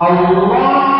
Allah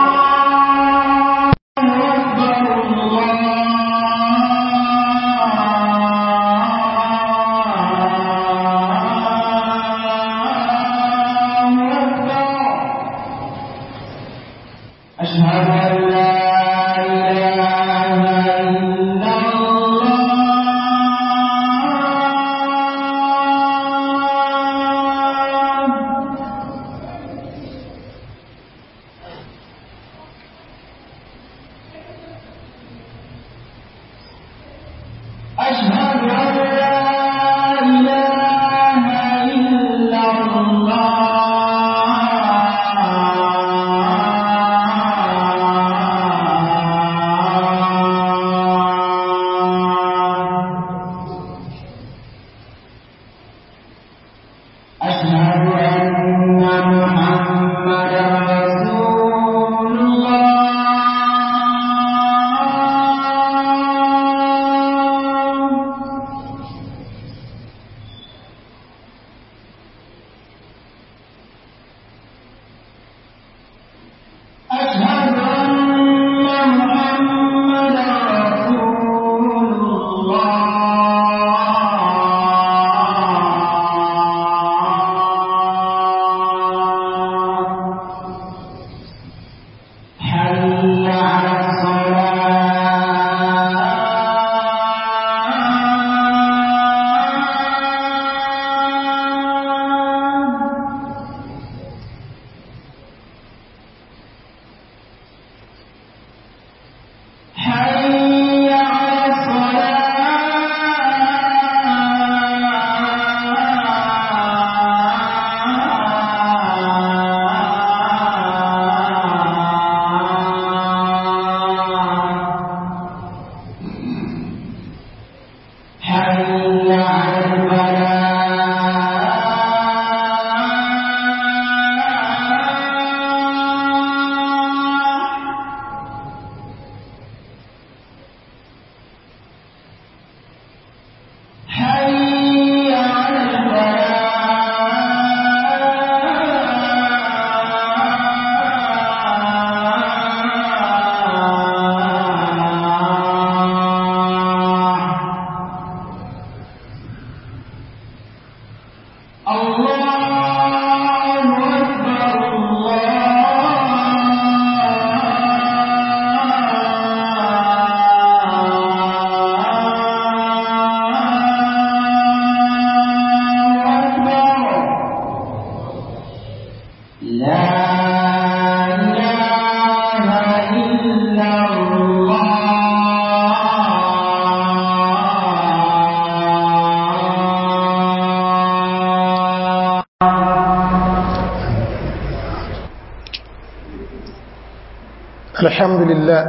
الحمد لله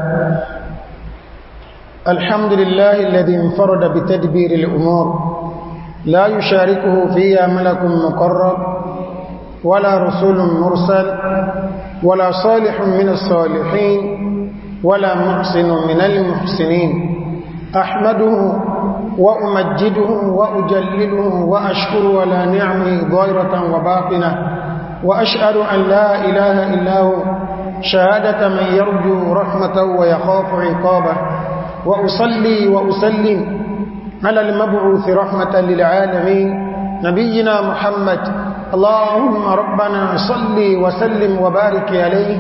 الحمد لله الذي انفرد بتدبير الأمور لا يشاركه فيها ملك مقرب ولا رسول مرسل ولا صالح من الصالحين ولا محسن من المحسنين أحمده وأمجده وأجلله وأشكر ولا نعمه ظاهرة وباطنة وأشهد أن لا إله إلا هو شهادة من يرجو رحمة ويخاف عقابه وأصلي وأسلم على المبعوث رحمة للعالمين نبينا محمد اللهم ربنا صلي وسلم وبارك عليه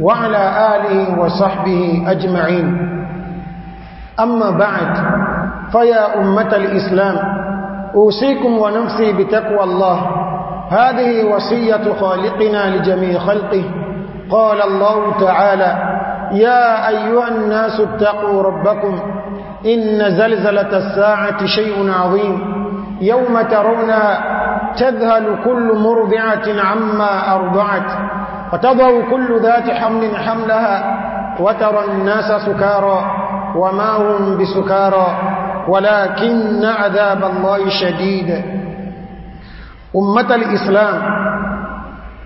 وعلى آله وصحبه أجمعين أما بعد فيا أمة الإسلام أوصيكم ونفسي بتقوى الله هذه وصية خالقنا لجميع خلقه قال الله تعالى يا أيها الناس اتقوا ربكم إن زلزلة الساعة شيء عظيم يوم ترونها تذهل كل مرضعة عما أرضعت وتضع كل ذات حمل حملها وترى الناس سكارى وما هم بسكارى ولكن عذاب الله شديد أمة الإسلام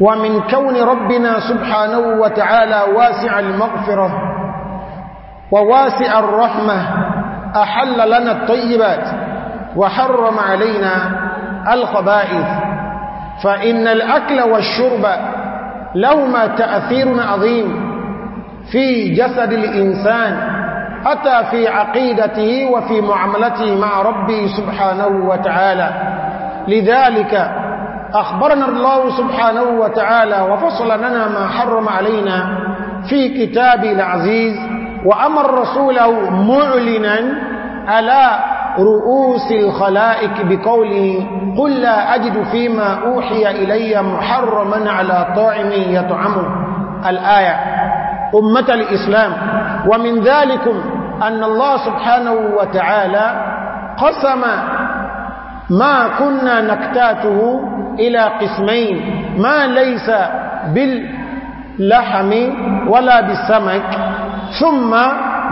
ومن كون ربنا سبحانه وتعالى واسع المغفرة وواسع الرحمة أحل لنا الطيبات وحرم علينا الخبائث فإن الأكل والشرب لهما تأثير عظيم في جسد الإنسان أتى في عقيدته وفي معاملته مع ربه سبحانه وتعالى لذلك أخبرنا الله سبحانه وتعالى وفصل لنا ما حرم علينا في كتابه العزيز وأمر رسوله معلنا على رؤوس الخلائق بقوله قل لا أجد فيما أوحي إلي محرما على طاعم يطعمه الآية أمة الإسلام ومن ذلك أن الله سبحانه وتعالى قسم ما كنا نكتاته إلى قسمين ما ليس باللحم ولا بالسمك ثم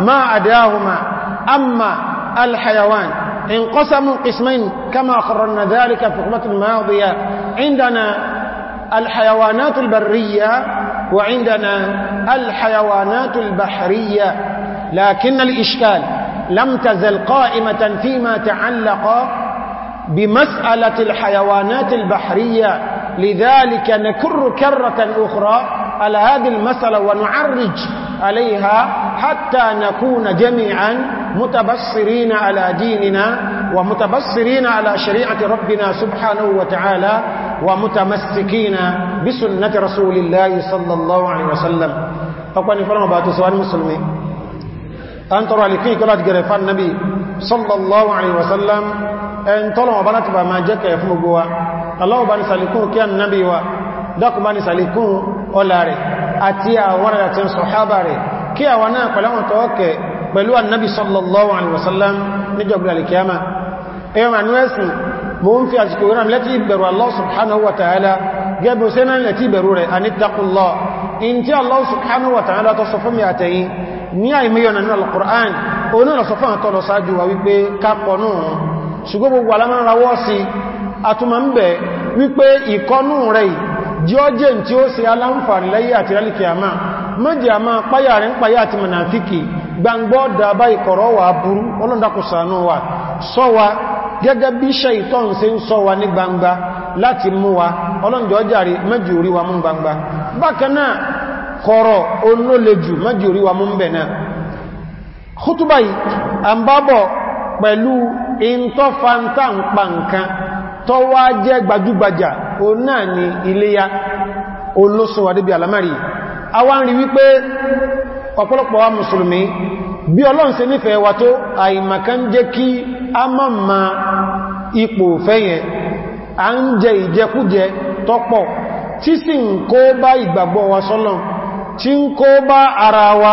ما عداهما أما الحيوان انقسموا قسمين كما أخررنا ذلك في قمة الماضية عندنا الحيوانات البرية وعندنا الحيوانات البحرية لكن الإشكال لم تزل قائمة فيما تعلق بمسألة الحيوانات البحرية لذلك نكر كرة أخرى على هذه المسألة ونعرج عليها حتى نكون جميعا متبصرين على ديننا ومتبصرين على شريعة ربنا سبحانه وتعالى ومتمسكين بسنة رسول الله صلى الله عليه وسلم أقواني فرما بات سؤال مسلمي أنت رأي فيك قلت قرفان النبي صلى الله عليه وسلم ẹn tọ́lọ̀wọ̀ bá láti bá máa jẹ́ kẹ̀ fún gbogbo wa Allahu bá ní sàlìkún kí án nábi wa dákun bá ní sàlìkún ọlá rẹ̀ àti àwọn àti sọ̀hábà rẹ̀ kí àwọn náà pẹ̀lọ́wọ̀n tọ́ọ̀kẹ̀ pẹ̀lú annabi sallallahu alaihi wasallam ní jọgbìlá alkiyama ẹ̀yọ́ ma nuwẹ́sì mo ń fi àsìkò ìrìn lẹ́tí ìbẹ̀rù Allah subhanahu wa ta'ala gẹ́bù sẹ́nà lẹ́tí ìbẹ̀rù rẹ̀ anittaqullah in tí Allah subhanahu wa ta'ala tó sọ fún mi wa wípé kápọ̀ náà ṣùgbọ́n gbogbo alámọ́rawọ́ sí àtúmọ̀ ń bẹ̀ wípé ìkọnú rẹ̀ jíọ́jẹ́ tí ó ṣe aláǹfààní láyé àti rálìkì àmà mẹ́jì àmà páyà rẹ̀ ń páyà àti mọ̀nàfíkì gbangbọ́ wa sọ wa wa ní gbangba láti mú wa ọlọ́njọ́jàrí mẹ́jì orí wa mú gbangba bákanáà kọ̀rọ̀ olólejù mẹ́jì orí wa mú bẹ̀ náà kútúbà pẹ̀lú in to fanta ń pa nǹkan tó wá jẹ́ gbajúgbajà o naa ni iléyá olóṣòwà débi alamari a wa n rí wípé ọpọlọpọ wa mùsùlùmí bi olonse nife nífẹ̀ẹ́ wa tó àìmàkan jẹ́ ki a máa ma ipo fẹ́yẹn a n je ìjẹkújẹ tọ́pọ̀ tí sì ń kó bá wa sọ́lọ́n tí ń kó ara wa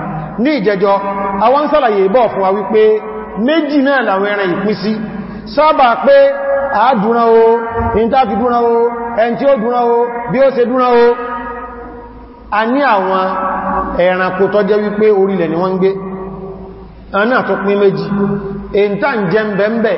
ní ìjẹjọ́ àwọn sálàyé bọ́ fún wa wípé méjì náà làwọn ẹran ìpín sí sábà pé a o ìntàfi dúnra o ẹn tí ó dúnra o bí ó ṣe dúnra o a ní àwọn ẹranko tó jẹ́ wípé orílẹ̀ ni wọ́n gbé aná tó méjì èntà ń jẹ mbẹ̀mbẹ̀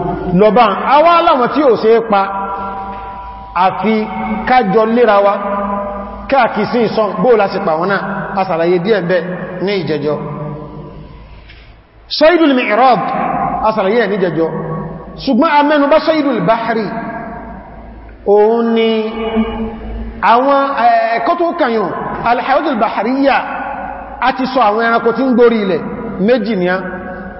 lọ́bá àwọn aláwọn tí ò ṣe é pa àfi kájọ léra wa káàkì sí ìsọ́n bóòlá sí pàwọn náà a sàlàyé díẹ̀ bẹ́ ní ìjẹjọ́ Sayyidul Mi'raj a sàlàyé ní ìjẹjọ́ ṣùgbọ́n a mẹ́nu bà Sayyidul Bahri òun ni àwọn ẹ̀kọ́ tó kàyàn al-Hayatul a ti sọ àwọn ẹranko tí ń gbórí ilẹ̀ méjì ni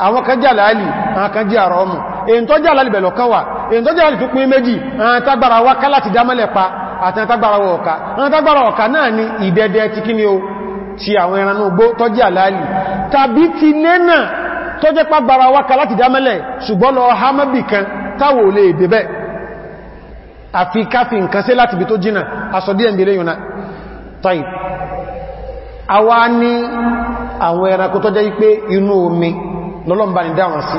àwọn kan jẹ́ àlàálì àwọn kan jẹ́ àrọ́mù èyí tó jẹ́ alálìbẹ̀ lọ́kàn wà èyí tó jẹ́ alálì tó pín méjì àwọn tágbàra wá ká láti dámọ́lẹ̀ pa àti àwọn tágbàra ọ̀ká àwọn tágbàra ọ̀ká náà ni ìdẹ́dẹ́ ti kí ni o ti àwọn ẹran ogbó tó jẹ́ alálì tàbí ti nẹ́nà tó jẹ́ pàgbàra wá ká láti dámọ́lẹ̀ ṣùgbọ́n lọ hámẹ́bì kan táwò lè débẹ̀ àfi káfí nǹkan sí láti bí tó jìnà asọ̀dí ẹ̀mìlẹ̀ lọ́lọ́mbà ní dáwọn sí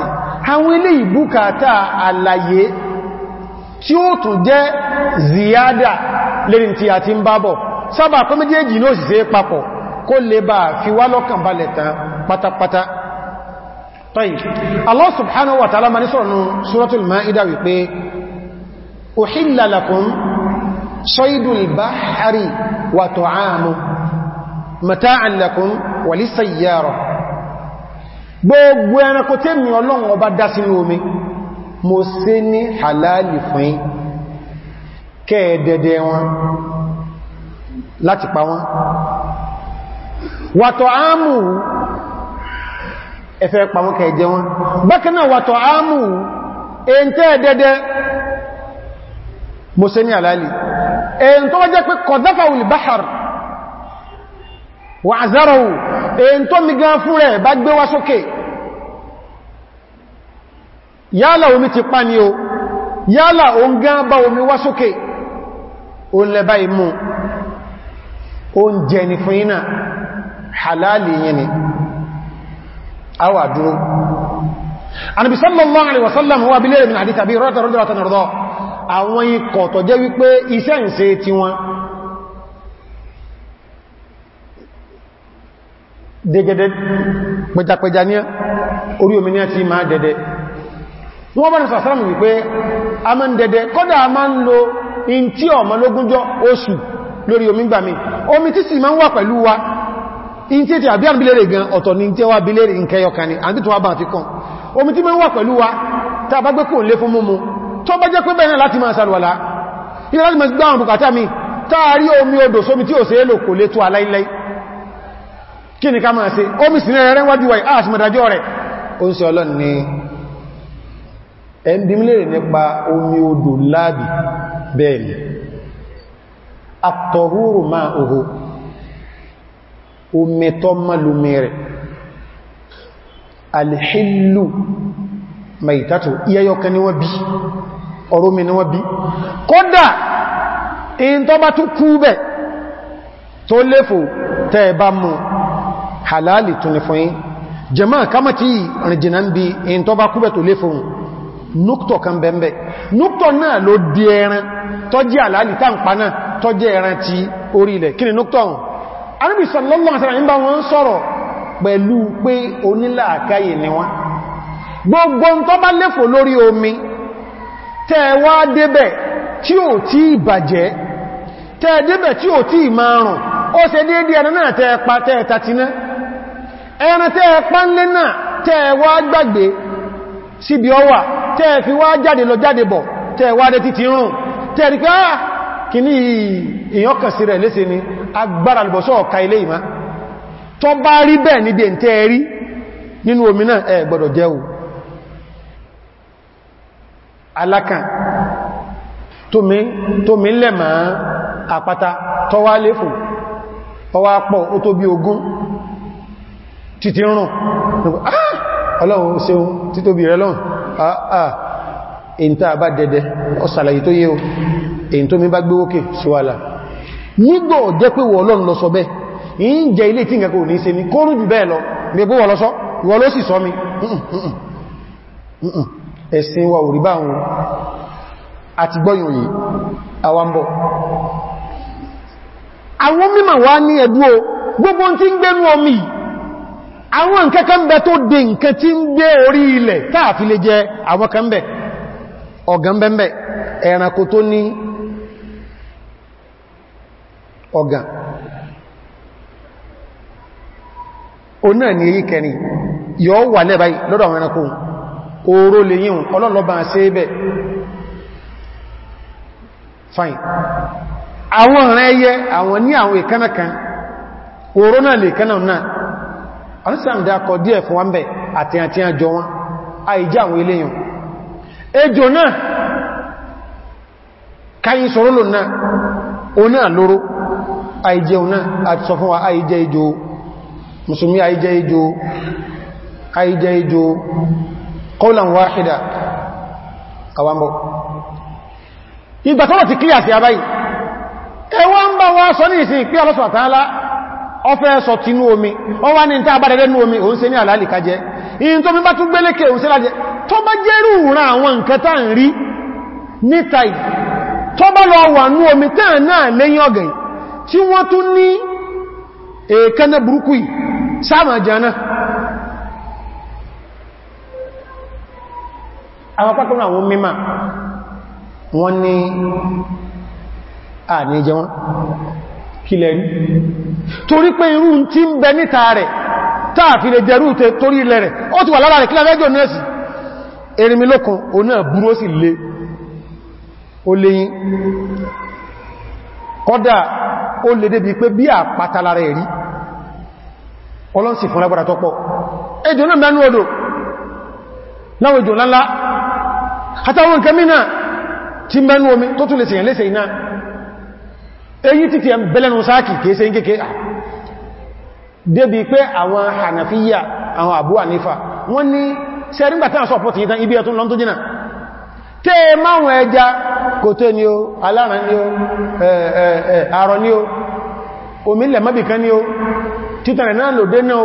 àwọn ilé ìbúkàtà àlàyé tí ó tún jẹ́ ziyada lérí tí a ti ń bábọ̀ sábà pé méjèèjì ní òsìsẹ́ papọ̀ kó lè bá fi wá lọ́kàn balẹ̀ tán pátápátá tọ́yì Allah subhanahu wa ta'ala mani sọ̀rọ̀ nù suratul ma'ida wípé uhilla gbogbo ẹranko tí mi ọlọ́run ọba dá sínú omi mo ṣe ní halali fún yín kẹ́ẹ̀dẹ̀dẹ̀ wọn láti pa wọn wàtọ̀ ámù ẹfẹ́ pa wọn kẹ́ẹ̀jẹ wọn bákan náà wàtọ̀ ámù èyí tẹ́ẹ̀dẹ̀dẹ̀ mo ṣe ní halali èyí tó wá jẹ́ pé kọ̀dáfà wùlì báhàr wà àzárọ̀ èyí tó mi gan fún rẹ̀ bá gbé wá sókè yálà omi ti pa ni o yálà o ń gan bá omi wá sókè o ń lẹ́bá imú oúnjẹ ni fún iná halali yìí ni a wà dúró Ànábì sallallahu alaihi wasallam wà bí lè àdítàbí rọ́tàrọ́dọ́rọ́tàrọ́dọ́ àwọn ikọ̀ tó wípé iṣẹ́ ìṣe ti wọn dẹ̀gẹ̀dẹ̀ pẹjapẹja ní orí omi ní àti máa dẹ̀dẹ̀ wọ́n bá ní sàsáàmù wípé a máa ń dẹ̀dẹ̀ kọ́dà a máa ń lo in tí ọmọ lógúnjọ́ oṣù lórí omi gbàmí omi tí sì máa ń wà pẹ̀lú wa in tí àbí àbílẹ̀rẹ̀ gan ọ̀tọ̀ ní tí wá bílẹ̀rẹ̀ nkẹyọkan ni tó wá bá fi kàn omi tí máa ń wà pẹ̀lú wa tá bá gbé kóòlé fún múmu tó bá jẹ́ pé bẹ́ẹ̀ láti máa sàlùwàlá ilẹ̀ láti máa gbáwọn bùkátà mi táàrí omi odò sómi tí ò sí èlò kò lè tó aláìláì kí ni ká máa ṣe ó mì sínú ẹ̀rẹ́ wáyé áàṣì mọ̀dájọ́ rẹ̀ ó ń ṣe ọlọ́n ni ẹ̀ndìmílèrè nípa omi odò láàbì bẹ́ẹ̀lì àtọ̀húrù máa òhò omi tọ́ rẹ̀ alhílù ni wọ́n bí ọ̀rọ̀ mi ni wọ́n bí kódà in kú bẹ̀ tó léfò halali tún ni fún yí jẹmọ́ kama ti rìnjìnà ń bí in tó bá kúbẹ̀ tó lé fún núktọ̀ kan bẹ̀m̀bẹ̀ núktọ̀ náà ló di ẹran tó jẹ́ halali tá ń pa náà tó jẹ́ ẹran ti orí ilẹ̀ kí ni núktọ̀ hùn Ànábì sallallahu alaihi wasallam bá wọn sọ̀rọ̀ pẹ̀lú pé onílàákàyè ni wọ́n gbogbo tó bá léfò lórí omi tẹ́ẹ̀wá débẹ̀ tí ò tí ìbàjẹ́ tẹ́ẹ̀débẹ̀ tí ó ṣe déédé ẹ̀nà náà tẹ́ẹ̀pa tẹ́ẹ̀tàtíná ẹran tẹ́ ẹ pánlé náà tẹ́ ẹ wá gbàgbé síbi ọwà tẹ́ ẹ fi wá jáde lọ jáde bọ̀ tẹ́ ẹ wá dé títí rùn tẹ́ rí pé á kì ní èyàn rẹ̀ léṣe ni agbára lùbọ̀sọ́ ọ̀ka ilé ìmá tó bá rí bẹ́ẹ̀ níbi ẹ̀ tẹ́ rí nínú omi náà ẹ gbọ́dọ̀ jẹ́ o títí rán ah, ọlọ́run ṣeun títóbi rẹ lọ́n àà ah, ah, èyí tàà bá dẹ̀dẹ̀ ọ̀sàlàyé tó yé o èyí tó mi bá gbé wókè síwàlá nígbọ̀ jẹ́ pé wọ́n lọ́n lọ sọ bẹ́ yìí jẹ ilé tí nǹkan kò ní ṣe mi kórùn jù bẹ́ẹ̀ lọ gbogbo wọ́n ń gbẹ́nu omi àwọn nǹkankan bẹ tó dé nǹkan tí ń gbé orí ilẹ̀ káàfi lè jẹ àwọn kan bẹ ọ̀gán bẹ́m̀bẹ̀ ẹranko tó ní ọ̀gán o náà ni èyí kẹrin yọ wà lẹ́bàá lọ́dọ̀ àwọn ẹranko oró lè yíò ọlọ́lọ́bà ṣe bẹ̀ fine àwọn ọ̀rẹ́ ẹyẹ àwọn ní àwọn ìkánakan oró náà lè kánà náà alìsàn dákọ̀ díẹ̀ fún wọn bẹ̀ àti àti àjọ wọn àìjá àwọn iléyàn ejò náà káyí sọ̀rọ̀ lò náà o náà lóró àìjẹ òun náà àti sọ fún wa àìjẹ ejò musulmi àìjẹ ejò àìjẹ ejò qawlan wahida àwambọ̀ ìgbà tọ́wọ̀ ti kíyà sí abáyì ẹwọ́n bá wá sọ ní ìsìn ìpí alọ́sọ̀ àtàlá ọfẹ́ sọ tí inú omi wọ́n wá ní tí rẹ̀ nú omi òun ṣe ní àlàálìká jẹ́ in tó mi bá tún gbélékè òun tó bá ran àwọn nǹkan tá ń rí níta ì tó bá lọ wà nú tí wọ́n tún ní kílẹ̀ rí torí pé irú tí ń bẹ níta rẹ̀ táàfi lè jẹrú tẹ torí ilẹ̀ rẹ̀ ó ti wà lára rẹ̀ kílẹ̀ mẹ́jọ nẹ́ẹ̀sì erinmilókun o náà búrú sí lé o lè yìn kọ́dà ó lè débi pé bí àpáta lára rí ọlọ́nsì fún lágbàrà tọ́pọ̀ ejò mẹ́nu omi tó tún lè sèyàn lè sèyàn náà èyí titi ẹ̀ bẹ̀lẹ̀nù sáàkì kéèsẹ̀ kéèkéé débi pé àwọn hànàfíyà àwọn àbú ànífà wọ́n ní sẹ́rìngbàtà sọpọ̀tì ìtàn ibi ẹ̀tún lọ́n tó jìnà tẹ́ máwọn ẹja kòtò ni o alára ni o àrọ ni o omílẹ̀ mọ́bìkan ni o títàrẹ̀ náà lòdé náà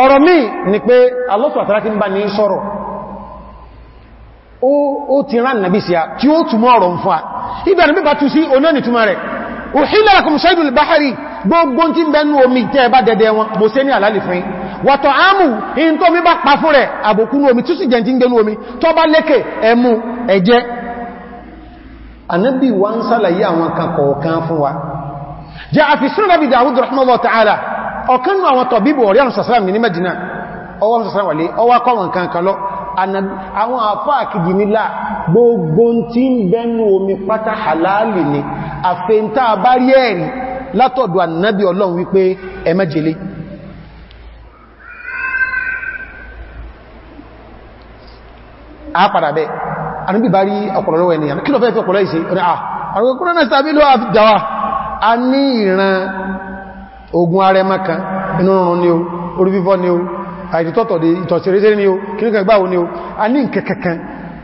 ọ̀rọ̀ mi ni pé alọ́tù àtàràtí ń bá ní sọ̀rọ̀ ó ti rán nàbí sí a tí ó túnmọ́ ọ̀rọ̀ ń fún a ibẹ̀ ni bípa tú sí onáni túnmọ́ rẹ̀ òhìlẹ̀ lakum shaydul bahari gbogbo tí ń bẹnu omi tẹ́ bá dẹ̀dẹ̀ wọn mo sé ní àlálì fún wàtọ̀ ámù in tó mi bá pa fún rẹ̀ àbòkúnú omi tó sì jẹ́ tí ń gbẹnu omi tó bá lékè ẹmú ẹ̀jẹ́ anábì wa ń sálàyé àwọn kan kọ̀ọ̀kan fún wa jẹ́ àfisún nàbì Dawud rahimahullah ta'ala ọ̀kan nù àwọn tọ̀bíbò ọ̀rí àwọn sàsàràm ní Mẹ́dínà ọwọ́ sàsàràm wà lé ọwọ́ kọwọ̀n kankan lọ àwọn àfá àkìdì nílá gbogbo tí ń bẹnu omi pátá halali ni àfẹ́ntà bá rí ẹ̀rí látọ̀dọ̀ ànábì ọlọ́run wípé ẹmẹ́jẹlé a padà bẹ́ ànábì bá rí ọ̀pọ̀lọ́wọ́ ènìyàn kí lọ fẹ́ fẹ́ ọ̀pọ̀lọ́ ìṣẹ́ ọ̀rẹ́ à ah, àwọn ọkùnrin a ní ìran ogun ààrẹ maka inú rọrùn ni o orí ni o àìtọ́tọ̀ di ni o kíníkà gbáwo ni o a ní nǹkan kankan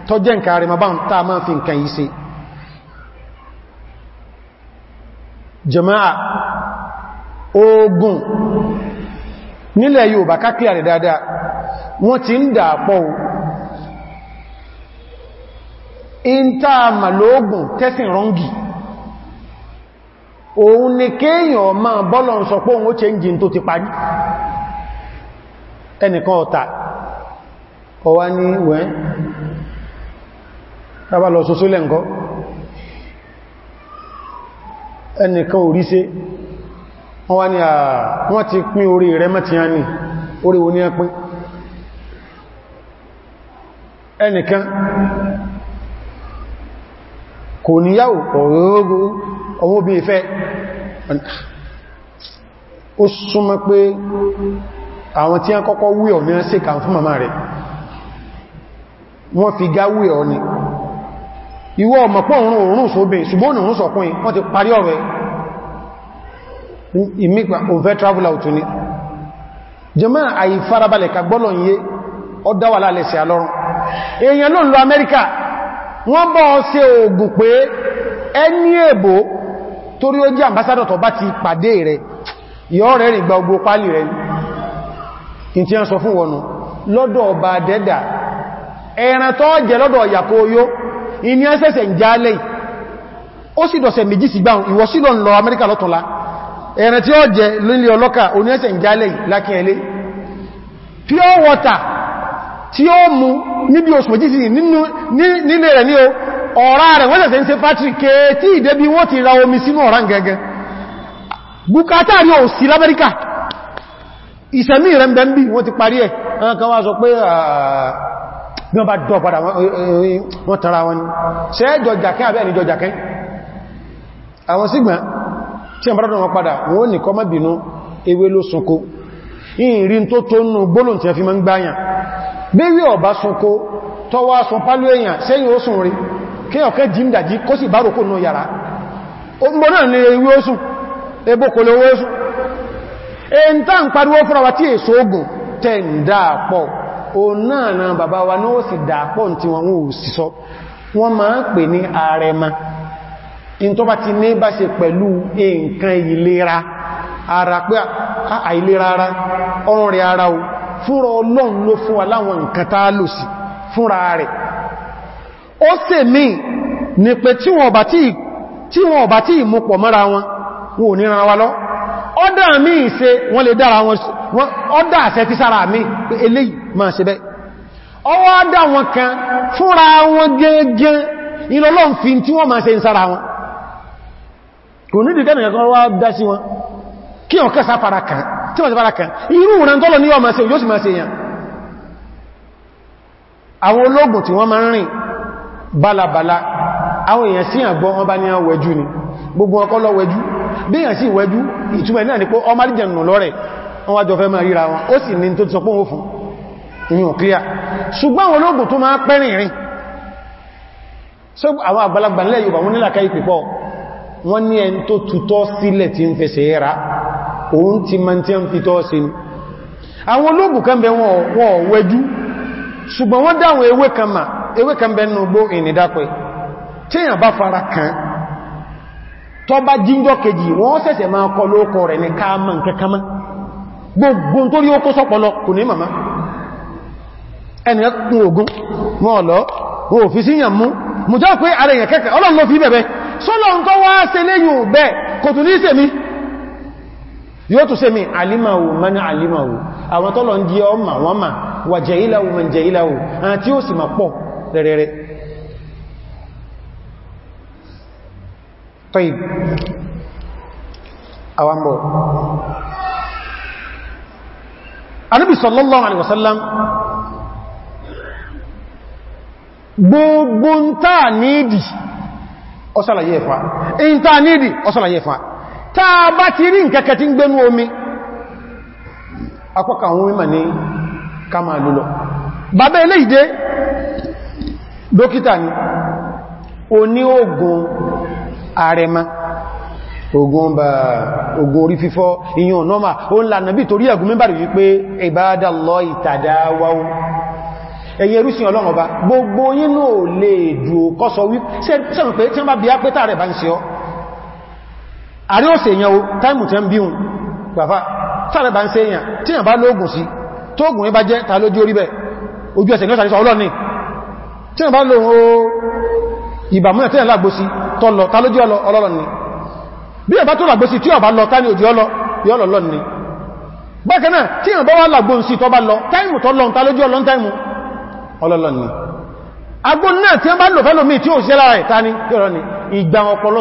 tó jẹ́ nǹkan ààrẹ mabá ta máa fi nǹkan yìí jama'a ogun nílẹ̀ Yorùbá kákílẹ̀ rẹ̀ dada wọ́n ti ń in màlógún tẹ́sìn òun ni kéèyàn máa bọ́lọ̀ ń sọ pé òun ó ṣe ń jìn tó ti parí ẹnìkan ọ̀tà ọwá ní wẹ́n rábà lọ sọ́sọ́ lẹ́ǹkọ́ ẹnìkan orí sí wọ́n wá ní àwọn ti pín orí rẹ̀ mẹ́tìyàn orí wo ní ẹpín ẹnìkan kò níyàwó ọ̀rọ̀rọ̀ ọmọ obì ìfẹ́ ó súnmọ́ pé àwọn tí a kọ́kọ́ wí ọ̀ ní ẹ́ sí kàn fún màmá rẹ̀ wọ́n fi gá wí ọ̀ ni ìwọ ọmọ pọ̀ òun òun sóbìn ṣùgbọ́n òun sọ̀kún wọ́n ni jẹmọ́ àìfarabalẹ̀ kagbọ́lọ̀ yé ọ dáwà lálẹ́sẹ̀ alọ́run èèyàn ló ń lọ Amẹ́ríkà wọ́n bọ́ ṣe ògùn pé ẹni èbò torí ó jẹ́ ambassador tó bá ti pàdé rẹ̀ yọ́ rẹ̀ rìn gba ogbó pálì rẹ̀ ní tí a ń sọ fún wọnù lọ́dọ̀ ọba dẹ́dà ẹran tó jẹ lọ́dọ̀ ìyàkó oyó ìní ẹsẹsẹ̀ ń jálẹ̀ ó sì dọ̀sẹ̀ méjì sí gbáhùn ìwọ sí lọ lọ Amẹ́ríkà lọ́tọ̀lá ẹran pure water tí ó mú níbi oṣù méjì sí nílé rẹ̀ ní o ọ̀rá rẹ̀ wọ́n tẹ̀sẹ̀ ń ṣe patrick kéètì ìdẹ́bí wọ́n ti ra omi sínú ọ̀rá gẹ́gẹ́ bukata ní o sí l'Amẹ́ríkà ìsẹ̀mí rẹ̀ mbẹ̀mbí wọ́n ti parí ẹ̀ kan wá sọ pé bí wọ́n bá dọ̀ padà wọ́n eh, eh, tara wọn ṣe jọjàkẹ́ àbẹ́ ni jọjàkẹ́ àwọn sígbà tí wọ́n bá dọ̀ wọn padà wọ́n bẹ́rí ọ̀bá sunko tọwọ́ sun pálú èèyàn sẹ́yìn ó rí kí ọ̀kẹ́ jímdàjí kó sì bá náà yàrá oúnbọ̀ náà ní ewé ó sùn ebókò lówó ó sùn èyí tá ń pariwo fúnra wa tí èso ogun tẹ́ ń dáàpọ̀ o náà na bàbá wa náà sì dáàpọ̀ sọ wọ́n máa ń pè ní in tó bá ti ní bá pẹ̀lú ara pé ah, ara o fúnra ọlọ́run ló fún wa láwọn nǹkan tá lò sí fúnra rẹ̀ ó sì mí ní pé tí wọ́n ọ̀bá tí ìmúpọ̀ mọ́ra wọn wò ní ran wa lọ ọ́dá mi ìse wọ́n lè dára wọn ọ́dá àṣẹ tí sára mi pé eléyìí máa ṣe bẹ́ẹ̀ ọwọ́ ọ́dá wọn kan fúnra wọn gẹ́gẹ́ ìlọ́lọ́n fi tí wọ́n máa ṣe ń sára wọn kò tí wọ́n ti fara kan irú ìran tọ́lọ ní ọmọ sí yóò sì máa ṣe èèyàn àwọn ológun tí wọ́n máa ń rìn balabala àwọn èèyàn sí àgbọ́ wọn bá ní àwọn wẹjú ni gbogbo ọkọ́ lọ wẹjú bí èèyàn sí wẹjú ìtumẹ̀ náà ni pé ọmọ alìjẹ̀nù lọ́rẹ̀ wọ́n wájọ fẹ́ máa ríra wọn ó sì ní tó ti sọ pé wọ́n fún ìyàn clear ṣùgbọ́n àwọn ológun tó máa pẹ́rìn rìn so àwọn àgbàlagbà nílẹ̀ Yorùbá wọn nílàkà ìpìpọ̀ wọ́n ní ẹni tó tutọ́ sílẹ̀ tí ń fẹsẹ̀ òun ti ma tí a ń fi tọ́ sí ni àwọn olóògùn kan bẹ wọ́n wẹ́jú ṣùgbọ́n wọ́n dáwọn ewé kan ma ewé kan bẹ nù gbó ìnìdápẹ́ tí yàn bá fara kan tọ́ bá jíjọ́ kejì wọ́n sẹ̀sẹ̀ máa kọ lóókọ rẹ̀ ní káàmà gbogbo tó ó kó sọ́pọ̀lọ kò ní màmá ẹni yóò tún sẹ́mi alimawo mana alimawo àwọn tọ́lọ ń díẹ̀ ọmọ wọn ma wà jẹ ìlàwò mẹ jẹ ìlàwò àti ó sì ma pọ̀ rẹ̀rẹ̀rẹ̀ tọ́yì àwambọ̀ Ànábì sallallahu alaihi táa bá ti rí nkẹ́kẹ́ tí ń omi apọ́kà àwọn mímọ̀ ní ká máa lúlọ bàbá ilé ìdé dókítà ni o ní ogun àrẹ̀má ogun bá oògùn orí fífọ́ ìyàn nọ́mà o ń lànà bí torí ẹ̀gùn mímbàrí wípé ìbádàlọ́ ìtàdáwáwó ẹ̀yẹ rúsìn gbogbo yínú lè dù kọ́sọ wí tí wọ́n bá bí á bá ń àrí òsè èyàn o táìmù tẹ́ ń bí un pàfà sáàrẹ bá ń se èyàn tí yàn bá lóògùn sí tó ògùn rí bá jẹ́ ta lójú orí bẹ̀ ojú ẹsẹ̀ ìgbẹ́sà ìsọ ọlọ́ni tí yàn bá lóògùn o ìbàmúnà tí yàn lágbó sí tọ́lọ ta lójú ọlọ́ni bí yàn bá tó lágbó sí tí yàn bá lọ táìmù ojú ọlọ́ni bákan náà tí yàn bá wá lágbó sí tọ́ bá tí ó ṣẹlá ẹ̀ ta ni ìgbà ọpọlọ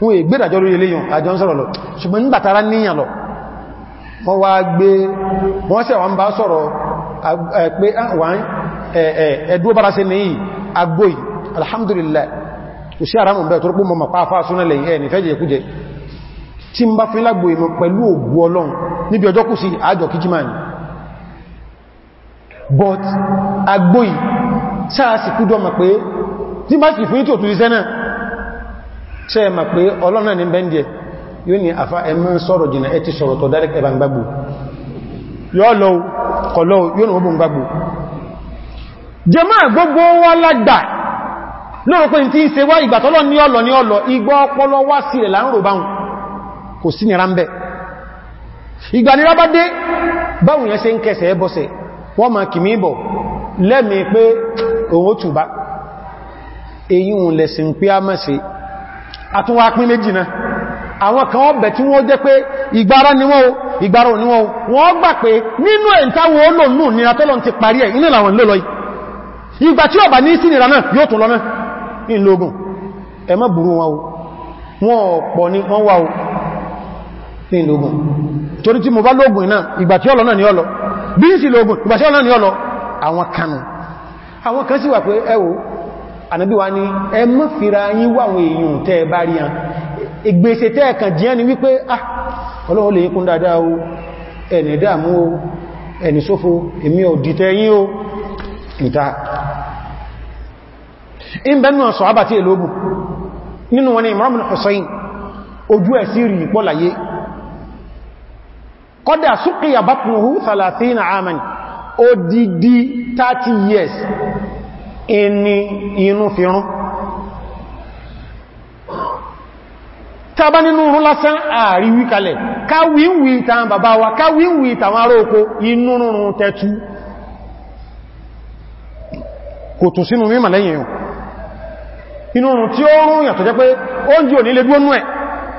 wọn è gbédàjọ́ lórí eléyàn àjọ ń sọ̀rọ̀ lọ ṣùgbọ́n nígbàtara níyàn lọ wọ́n wá gbé wọ́n sẹ̀ wọ́n bá sọ̀rọ̀ pé ah, wọ́n ẹ̀dúó bára sí ní agbóì alhamdulillah kò ara mọ̀ bẹ́ẹ̀ tó rúpù mọ̀ pàáfà súnà lẹ́yìn ẹ̀ nífẹ́ jẹ kújẹ tí ń bá fi lágbò ìmọ̀ pẹ̀lú ògbò ọlọ́run níbi ọjọ́ kù sí ní tí ṣe ma pé ọlọ́nà ní bẹ́ndẹ̀ yóò ní àfá ẹmọ́ sọ̀rọ̀ jìnà ẹ ti sọ̀rọ̀ tọ̀ dárẹ́ ẹbà gbàgbò yóò lọ kọ̀lọ́ yóò ní ọgbọ̀n gbàgbò jẹmọ́ gbogbo ọlọ ọlọ ọpọlọ yẹn ṣe ń kẹsẹ̀ ẹbọsẹ̀ wọ́n ma kìí bọ̀ lẹ́mìí pé òun àtúnwà pín méjì náà àwọn kan ọ̀bẹ̀ tí wọ́n jẹ́ pé ìgbára ni wọ́n ìgbára ni wọ́n wọ́n gbà pé nínú ẹ̀ntàwọ̀ olóòlù ní atọ́lọ́n ti parí ẹ̀ iná làwọn lọ́lọ́ ìgbà tí ọba ní sínira náà yóò tún lọ́nà ìlógún ẹ má burú wọn wọn ọlọ anabiwa ni ní ẹ mọ́ fìra yí wáwọn èèyàn tẹ́ bá rí yàn ìgbèsè ah ọlọ́wọ́ lè yíkún dáadáa o ẹni dáàmú o ẹni sófo èmi ò dìtẹ́ o ìta in ọ̀sọ̀ àbàtí èlógún 30 years ẹni inú fi rún tàbá nínú rún lásán ààrí wíkalẹ̀ káwíwí tàwọn bàbá wa káwíwí tàwọn ará oko inú rún tẹ́tú kò tún sínú mímọ̀ lẹ́yìn yìí inú rún tí ó rún yàtọ̀ jẹ́ pé oúnjẹ ò nílé dúónú ẹ̀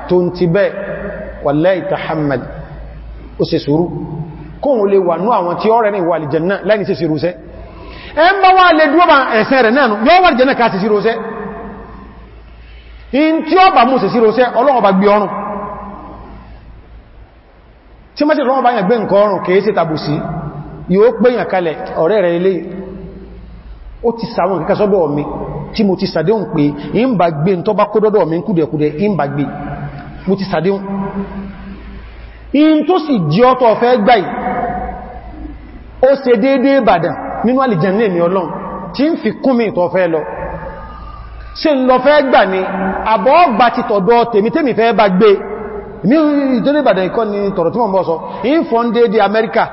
tó ń ti bẹ́ wallahi tahammad ó ṣe sùúrù kóhun lè wà ní àwọn tí ẹn bá wá lè dúró bá ẹ̀sẹ̀ rẹ̀ náà yọ́ wà jẹ́ ká sẹ̀sí rọ́sẹ́ in tí ó bá mú sẹ̀sí rọ́sẹ́ Ọlọ́run bá gbé ọrùn tí má sí Ọlọ́run bá yàn gbé nǹkan ọrùn kèé sí tàbùsí yóò pèyàn kalẹ̀ ọ̀rẹ́ rẹ̀ ilé ó ti sàwọn kẹkẹ́ sọ́dọ̀ tí mo ti sàdéhùn pé in bá gbé tó bá kó dọ́dọ̀ kúdẹ̀kúdẹ̀ in bá gbé mo ti sàdéhùn in tó sì jí ọtọ̀ fẹ́ gbáyìí ó ṣe déédéé Ìbàdàn nínú àlìjẹ̀nà èmì ọlọ́n tí ń fi kún mi ìtọ́ fẹ́ lọ ṣe ń lọ fẹ́ gbà ní àbọ́ ọgbà ti tọ̀dọ̀ tèmi tèmi fẹ́ bá gbé mi ìjọ́lẹ̀ ìbàdàn ikọ́ ni tọ̀rọ̀ tí wọ́n bọ́ sọ in fún dédé Amẹ́ríkà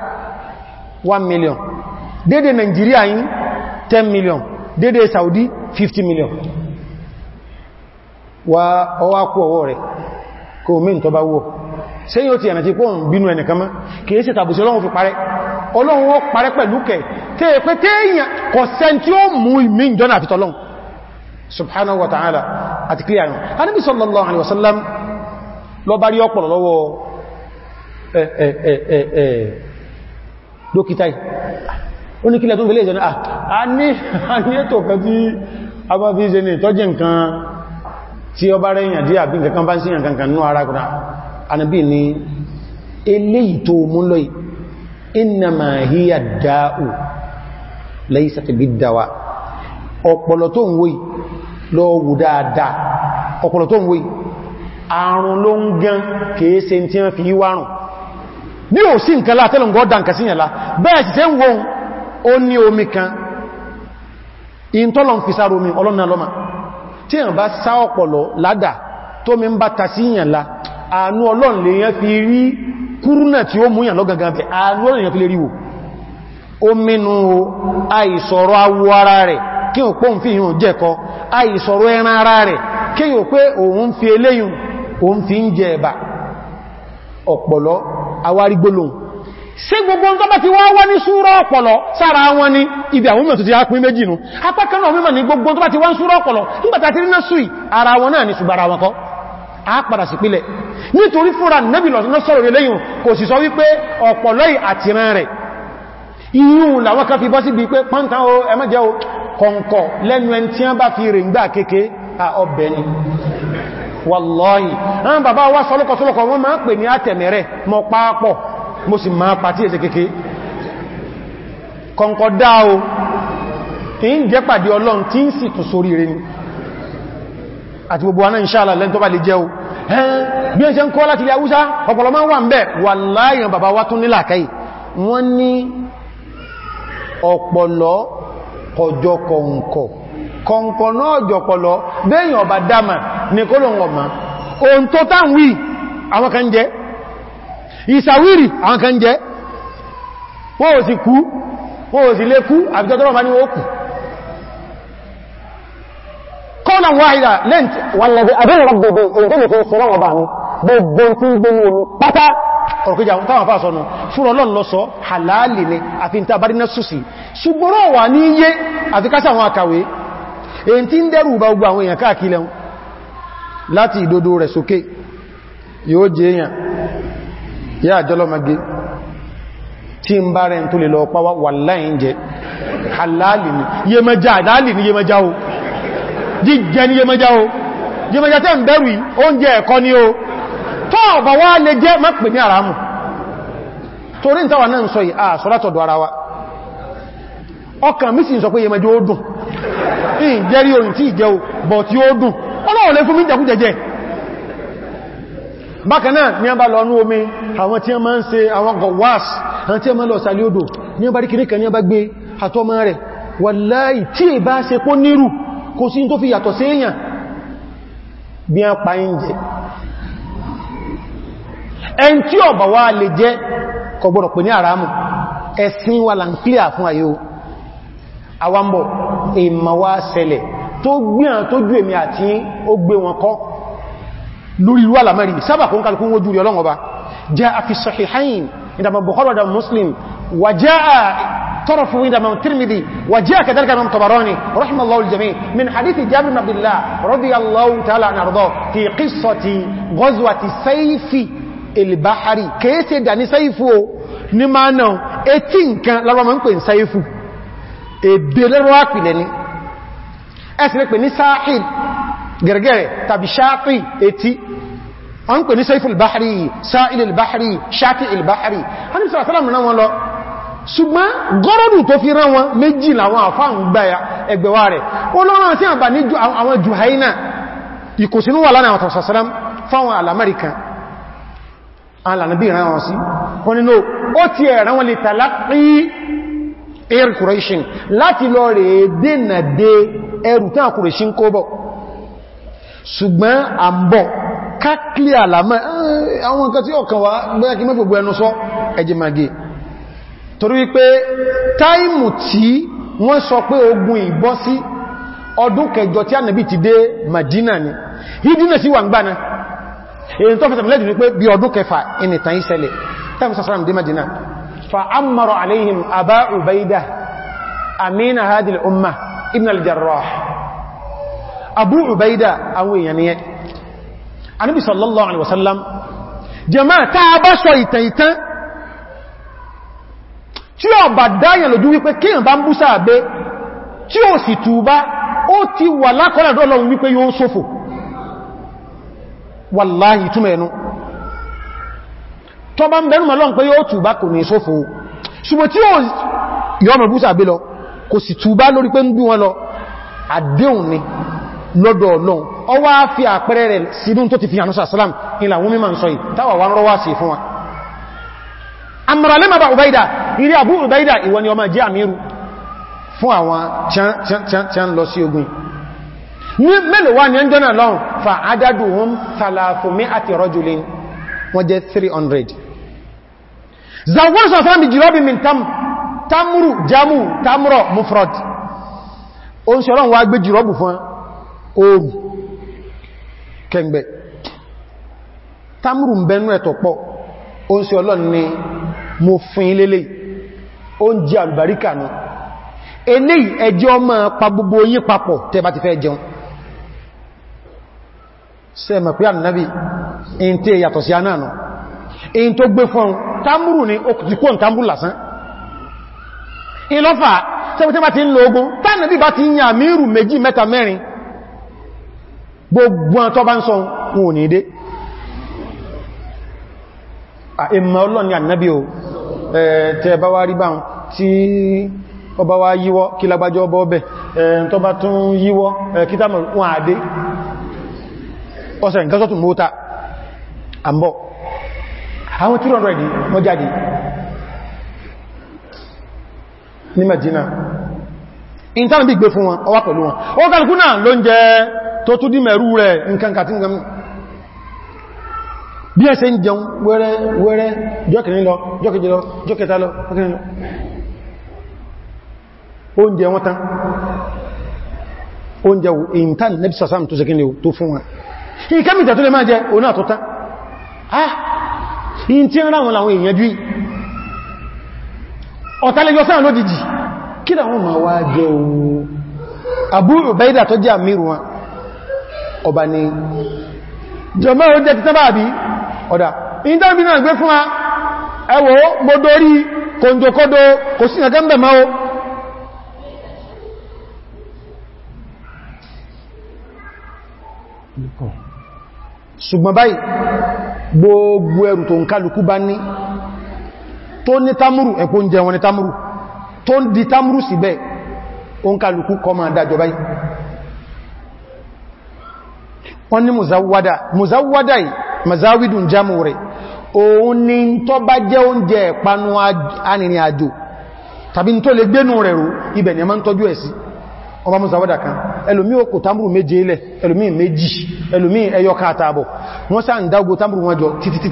1 million dédé Nàìjíríà yìí million dédé Saudi 50 million wa ọwá kú ọwọ́ rẹ̀ kò mí ìtọ́ bá wọ́ ṣe yóò ti ẹ̀mẹ̀ tí pọ́n bínú ẹnìkan mọ́ kìí sí tàbùsí ọlọ́run fi parẹ́ ọlọ́run ó parẹ́ pẹ̀lú kẹ tí è pé tí ó mú ìmí ìjọ́nà àfi tọ́lọ́run wa ta'ala àti kílẹ̀ àyàn anábì sallallahu alaihi wasallam lọ bá rí ọ̀pọ̀lọ̀ lọ́wọ́ dókítà ó ní kílẹ̀ tó fẹ́lẹ̀ ìjọ́nà a ní ètò kan tí a bá fi ṣe ní ìtọ́jẹ́ nǹkan tí ọba rẹ̀yìn àdí àbí nǹkan bá ń sí nǹkan kan nú ara kùnà anábì ni eléyìí tó mú lọ́ì innama hiya dáù laysat bid-dawa ọpọlọ tó ń wòí lọ wù dáadáa ọpọlọ tó ń wòí àrùn ló ń gan kèése tí wọ́n fi wárùn bí ò sí nǹkan látẹ́lẹ̀ ń gọ́dá nǹkan síyànlá bẹ́ẹ̀ sì tẹ́ ń wọ́n ó ní omi kan in tọ́lọ̀ ń fi sára omi ọlọ́nà lọ́mà tí wọ́n bá sá ọpọlọ ládà tó mi ń bá ta síyànlá àánú ọlọ́run lè yẹn fi rí kúrúnà tí ó múyàn lọ́gangan bẹ̀ àánú ọlọ́run yẹn fi lè rí wò ó mínú àìsọ̀rọ̀ awọ ara rẹ̀ kí o pọ́ fi ìhùn jẹ́kọ àìsọ̀rọ̀ ẹran ara rẹ̀ kí o pé òun fi eléyìn òun fi ń jẹ ẹ̀bà ọ̀pọ̀lọ́ awárígbólóhùn sí gbogbo nǹkan bá ti wá wá ní ni ibi àwọn mẹ́tù ti a pín méjì nù apákanáà mímọ̀ ń súrọ̀ a padà sí pílẹ̀ nítorí fúnra nẹ́bì lọ́sọ̀rọ̀ rẹ̀ lẹ́yìn kò sì sọ wípé ọ̀pọ̀lọ́ì àti rán rẹ̀ inú làwọn kan fi bọ́ sí bí pé pọ́ntà o ẹmọ́jẹ́ o kọ̀ǹkọ̀ lẹ́nu ẹn tí wọ́n bá fi rìn gbà kéèké à ọbẹ̀ ni wallahi àwọn mo sì máa pàtí èsẹ̀ kéèké kọ̀ǹkọ̀ dá o in jẹ́ pàdé ọlọ́run tí ń sì tún sórí rẹ̀ àti gbogbo aná inshallah lẹ́ntọ́ bá lè jẹ́ o bí ẹ ṣe ń kọ́ láti ilẹ̀ Haúsá ọ̀pọ̀lọ́ máa wà ń bẹ̀ wà láyàn bàbá wá tún nílà káì wọ́n ní ọ̀pọ̀lọ́ kọjọ kọ̀ǹkọ̀ kọ̀ǹkọ̀ náà jọpọ̀lọ́ bẹ́yìn ọba dáma ní kólóǹgọ̀má ohun tó táwí kọ́nà wáyìdá lẹ́ntì wàlẹ̀dẹ̀ àbẹ́rẹ̀rọ̀gbẹ̀gbẹ̀ ìrìnkẹ́lẹ̀ fún ìṣẹ́lẹ̀ ọba ni gbogbo tí ń gbé ní omi pátá ọ̀rọ̀kíjà táwọn fà sọ́nà fún ọlọ́n lọ sọ halali ni àfi ta bárínà súsì ṣùgbọ́rọ̀ wà ní iye àfi kásà àwọn akàwé èyí tí ń dẹ́rù bá gbogbo àwọn èèyàn káàkiri láti ìdodo rẹ̀ sókè halali ni yé mẹ́já àdáàlì ni yé mẹ́já o jíjẹ ní yẹmọjá o yẹmọjá tẹ́ ń bẹ̀rù oúnjẹ ẹ̀kọ́ ni o tó ọ̀bà wá lè jẹ́ má ní àrámù torí ìtawà náà ń sọ yìí àṣọ́látọ̀dọ̀ ara wa ọkàn mí sì ń sọ pé yẹmọjá ó dùn ìjẹ́rí orin tí ìjẹ́ o bọ̀ tí ó dùn ọlọ́wọ̀ lè fún mi jẹ́kú jẹjẹ bákanáà ní a bá lọ ní omi àwọn tí a máa ń ṣe àwọn gọ̀wàs àwọn tí a máa lọ sàlẹ̀ odò ní a bá rí wàláì tí è bá ṣe pó nírù kò sí tó fi yàtọ̀ sí èyàn bí a pa ń jẹ ẹn tí ọ̀bà wá lè jẹ́ kọgbọ̀rọ̀ pè ní àrámù ẹ̀sìn wà làǹkílẹ̀ fún ayé o àwambọ̀ èèmà wá ṣẹlẹ̀ tó gbìyàn tó ju èmi àti ó gbé wọn kọ́ lórí ìlú àlàmẹ́rin sábà kún kálukú wójú rí ọlọ́wọ́ jẹ́ àfisọ̀hìháyìn ìdàmà Bukhari wa Muslim وجاء طرف عند امام الترمذي وجاء كذلك امام طبراني رحم الله الجميع من حديث جابر بن عبد الله رضي الله تعالى عنه ارضاه في قصه غزوه سيف البحري كيس داني سيفو ni ma na eti nkan larwa ma ń pè ní saifu èdè larwa pìlẹ̀ ni ẹsìn pè ní sáàhìd gẹ̀rẹ̀gẹ̀rẹ̀ tàbí ṣáàfì etí wọ́n pè ní saifu albáhari sáàil albáhari ṣáàfì albáhari hannun sọ́rọ̀ sọ́rọ̀ mìíràn wọn lọ ṣùgbọ́n gọ́rọ̀dù tó fi rán wọn méjì làwọn àfáà ń gbáyà ẹgbẹ̀wà rẹ̀ ó lọ́rán sí àbà ní àwọn jùhaínà ìkòsínú wà lánàá àwọn sàsàrán fáwọn alamẹ́ríkà alànàbí ìran wọn sí wọn nínú ó ti ẹ̀rán wọn lè tàlápí air curation láti lọ rẹ̀ dènà dé ẹrù tí àkùrẹ̀ṣin kó bọ̀ ṣùgbọ́n àmbọ̀ káklí àlàmẹ́ ah, àwọn torí wípé táìmù tí wọ́n sọ pé ogun ìbọ́ sí ọdún kẹjọ tí ànàbí ti dé Madina ni ìdínà sí wà ń gbána èyí tó fẹsẹ̀ mẹ́lẹ́dì ní pé bí ọdún kẹfà ìnìtàn ìṣẹ̀lẹ̀ táìmù sàṣàràm dé Madina fa ammaro alaihim Aba Ubaida amina hadil umma ibn jama'a ta bá sọ ìtàn ìtàn tí ó bá dáyàn lójú wípé kí ìyàn bá ń bú sáàbé tí ó sì túbá ó ti wà lákọ́lẹ̀dọ́ ọlọ́run wípé yóò sófò wàláhì túnmẹ̀ ẹnu tó bá ń bẹ̀rún ọlọ́run pé yóò túbá kò ní sófò ṣùgbọ́n tí ó yọ ọmọ bú sáàbé lọ kò sì túbá lórí pé ń bí wọn lọ àdéhùn ni lọ́dọ̀ àmàrà lẹ́mà bá ọ̀báìdà ìrí àbú ọ̀báìdà ìwọ ni ọmọ jẹ́ àmìrù fún àwọn tí a ń lọ sí ogun ní mẹ́lò wá ní ẹjọ́ náà lọ́rùn fa adádù hún tàlàfòmí àti rọ́jùlín wọ́n jẹ́ 300 zawon sọ̀fán bí jìrọ́bí min tam tamru jamu tamro mufrod o ń sọ̀rọ̀ wá gbé jìrọ́bù fún oòrùn kẹgbẹ̀ tamuru ń bẹnu ẹ̀tọ̀ pọ̀ o ń sọ̀rọ̀ ní mo fún yín lélẹ̀ oúnjẹ àlùbáríkà ni eléyìí ẹjọ́ máa pa gbogbo yín papọ̀ tẹ́ bá ti fẹ́ jẹun sẹ́mọ̀ pé ànàbí in tí yàtọ̀ sí anáà nù in tó gbé fún tamuru ni ó ti kó tamuru lásán in lọ́fà tẹ́bùtẹ́ bá ti ń lo ogun tánàbí bá ti yàn mírù méjì mẹ́ta mẹ́rin gbogbo àtọ́ bá ń sọ wọn ò Eh, tẹ bá wá rí bá ń tí ọba wá yíwọ́ kí lágbàjọ́ ọba ọbẹ̀ eh, tó bá tún yíwọ́ eh, kítàmọ̀ wọn àdé ọ̀sẹ̀ nǹkan sọ́tún mọ́ta àmbọ̀ àwọn 200 wọ́n jáde ní ìntànà bí gbé fún wọn ọwá pẹ̀lú wọn ó jẹ tó bí ẹsẹ̀ ń jẹun wẹ́rẹ́ wẹ́rẹ́ jọ́kìnrin lọ jọ́kìnrin lọ jọ́kẹta lọ jọ́kìnrin lọ oúnjẹ wọn tán oúnjẹ ìntàn nẹ́bí sàsám tó sẹ́kínlẹ̀ tó fún wọn ìkẹ́mìtà tó lè máa jẹ oná àtọ́ta ah in tí ń ráwọn làwọn èèyàn jú ọ̀tálẹ́jọ́ sáà Abu Ubaida tó jẹ́ àmìrù wọn ọba ọ̀dá ìntàbínà gbé fún wa ẹwọ́ gbọdọ̀rí kòndòkòdò kò sí ẹ̀kẹ́ mẹ́ máa ṣùgbọ́n báyìí gbogbo ẹrù tó ń kálukú bá ní tó ní támúrù ẹ̀kọ́ oúnjẹ wọn ni támúrù tó ń di támúrù síbẹ̀ ó ń kálukú kọ máa dájọ báyìí wọ́n ní mùzáwádà mùzáwádà yìí mazawidun jamu rẹ̀ òun ni tó bá jẹ́ oúnjẹ ìpanu arìnrìn àjò tàbí tó lè gbénú rẹ̀ rú ibẹ̀ ni a máa ń tọ́jú ẹ̀ sí ọba mọ́sàwọ́dà kan ẹlòmí òkò tamuru méje ilẹ̀ ẹlòmí méjì ẹlòmí ẹyọ káàtàbọ̀ wọ́n sáà ń dágbó tamuru wọn jọ tamburu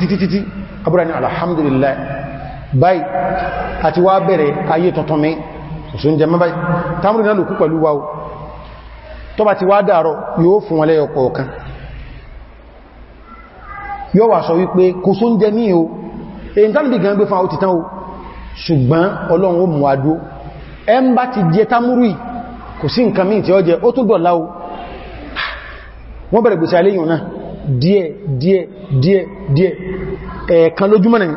yóò wà sọ wípé kò sún jẹ ní o èyí tán bí gan gbé fún àwọn títán o ṣùgbọ́n ọlọ́run ó mú adó ẹ ń bá ti jẹ tamúrì kò sí nǹkan míì tí ó jẹ ó tó dọ̀lá o wọ́n bẹ̀rẹ̀ gbèsè aléyìn náà díẹ̀ díẹ̀ díẹ̀ díẹ̀ ẹ̀ẹ̀kan lójúmọ́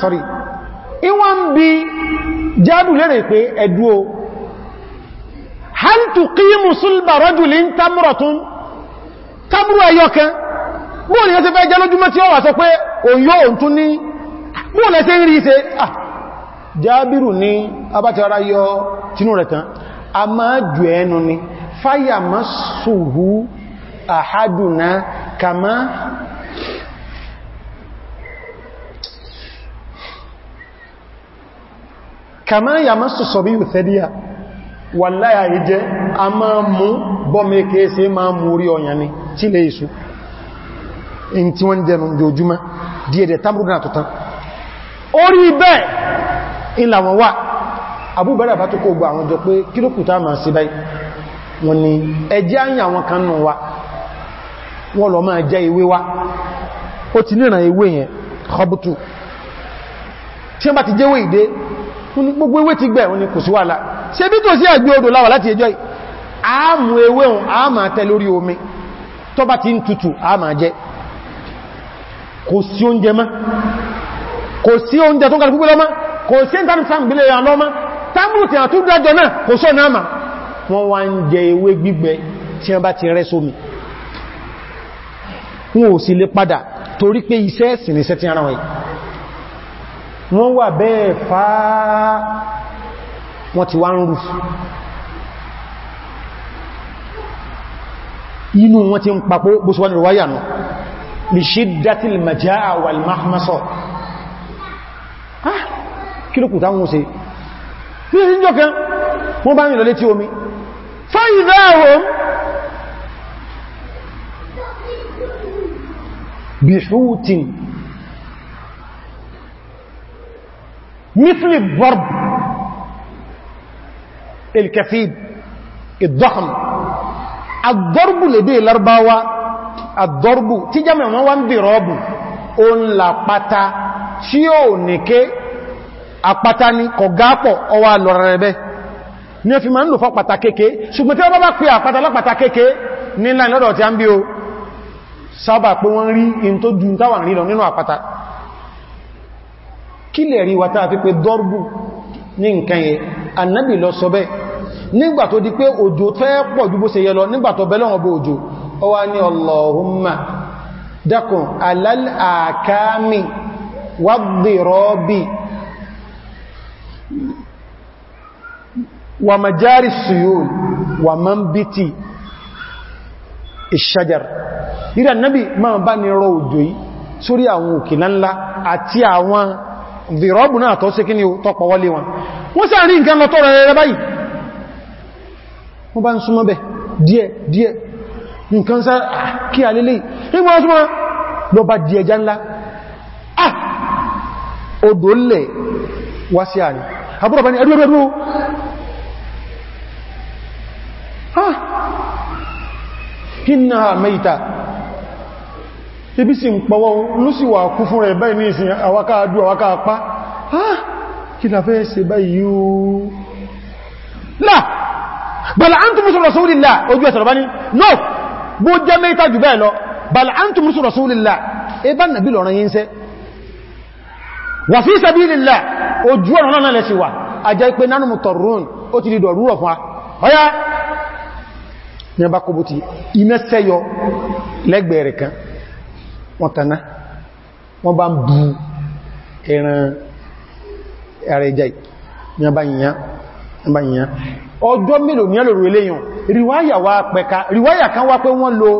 sorry ìwọ́n bí jábírù lẹ́rẹ̀ pé an tuqimu sulba rajulin tamratun tamru ẹyọkan bóò ni ẹ ti fẹ́ jẹ́ lójúmọ́ tí ó wà sọ pé òyó òntún ní bóò lẹ́ sí rí ṣe ah jábìrù ní abátara yọ tínú rẹ̀ tán a máa jù ẹnu ni fáyà má sòhú àhádùná kàmá kàmá yà má sòsọ̀bí yóò wà láyà ìjẹ́ a máa mú bọ́mẹ́ kéèsẹ́ máa mú orí ọ̀yàn ni tí lè iṣu in tí wọ́n jẹ́ ojúmọ́ díẹ̀dẹ̀ tábùgbà tó tán orí bẹ́ẹ̀ ilà wọn wà abúbẹ̀rẹ̀ bá tó kó gbà àwọn jọ pé kílókùtà wa wọ́n lọ máa jẹ ewé wá ti níran ewé yẹn tí wọ́n bá ti jẹ́wé ìdé gbogbo ewé ti gbẹ̀ wọ́n ní kò sí wàhálà ṣe bí tó sí ẹgbẹ́ odò láwà láti ẹjọ́ àmù ewé hùn a máa tẹ lórí omi tó bá ti ń tutù a máa jẹ kò sí oúnjẹ má kò sí oúnjẹ tó ń kàrùkú lọ́má kò sí ń tánù sáàmù bílẹ̀ lọ́má tábùrù tí a tún dájọ náà kò sọ náà mà wọ́n wá torí pé iṣẹ́ ẹ̀sìn iṣẹ́ ara wọn wọ́n wà bẹ́ẹ̀ fàá wọ́n ti wá ń rú inú wọn ti ń papò bó ṣe wá ní ìwáyà nù lè ṣe dátí dátìl majaa wal mahmasọ kí ló kù táwọn ṣe ní ìjọ kan wọ́n bá ń lọ létí omi fáyìdá ọ̀hún mithli barb الكثيب الضخم الضرب لديه الارباوة الضرب تجمع jàmá wọn wá لا bi شيو ó ń la pátá tí ó nìké àpátá ní kọ̀gápọ̀ ọwà lọ́rẹ̀rẹ̀bẹ́ ní o fi ma ń lò fọ́ pàtà kéèké ṣùgbọ́n tí wọ́n bá pè àpátá lápàtà kéèké ní láì lọ́dọ̀ tí a ń bí o sábà pé wọ́n rí in tó ju táwà rí lọ nínú àpátá kí lè rí wata fi pé dọ́rùbù ní nǹkan yẹ annabi lọ sọ bẹ́ẹ̀ nígbà tó di pé òjò fẹ́ pọ̀ ju bó ṣe yẹ lọ nígbà tó bẹ́lọ́ ọbọ̀ òjò ó wá ní Allahumma dákùn alálàkámi wàdìrọ́bì wà majari suyul wà man biti ìṣàjar ìrìn annabi máa bá ní rọ òjò yìí sórí àwọn òkè lánlá àti àwọn dìrọ́bù náà tó sí kí ni tọ́pọ̀ wọlé wọn wọ́n sáà rí nǹkan lọ tọ́rọ rẹ̀ báyìí wọ́n bá ń súnmọ́ bẹ̀ díẹ̀ díẹ̀ nǹkan sá ah, kí a lélẹ̀ nígbà wọ́n súnmọ́ lọ bá di ẹja ńlá ah odò lẹ̀ wá sí àrí àbúrò bá ní ẹdú ah innaha mayta ibi sì ń pọwọ́ ló sì wà kú fún rẹ̀ báyìí ní ìsìn ah kí la fẹ́ ṣe báyìí yóò bàlá antum rusul rasulillah ojú ẹ̀sọ̀rọ̀ bá ní no bó jẹ́ mẹ́ta jù bẹ́ẹ̀ lọ bàlá antum rusul rasulillah ẹbá nàbí lọ́rọ̀ yí ń sẹ́ wà fi sabilillah ojú ọ̀rọ̀ náà lẹ́sì wà àjẹ́ pé nánú mùtọ̀rún ó ti dìdọ̀ rúrọ̀ fún wa ọya ní ọba kó bó ti iná sẹ́yọ lẹ́gbẹ̀ẹ́rẹ̀ wọ́n taná wọ́n bá ń bú ẹran ẹ̀rẹ̀ jẹ́ ní ọba yìnyàn ọjọ́ mélòó ní ẹlòrò eléyàn ríwáyà kan wá pé wọ́n lò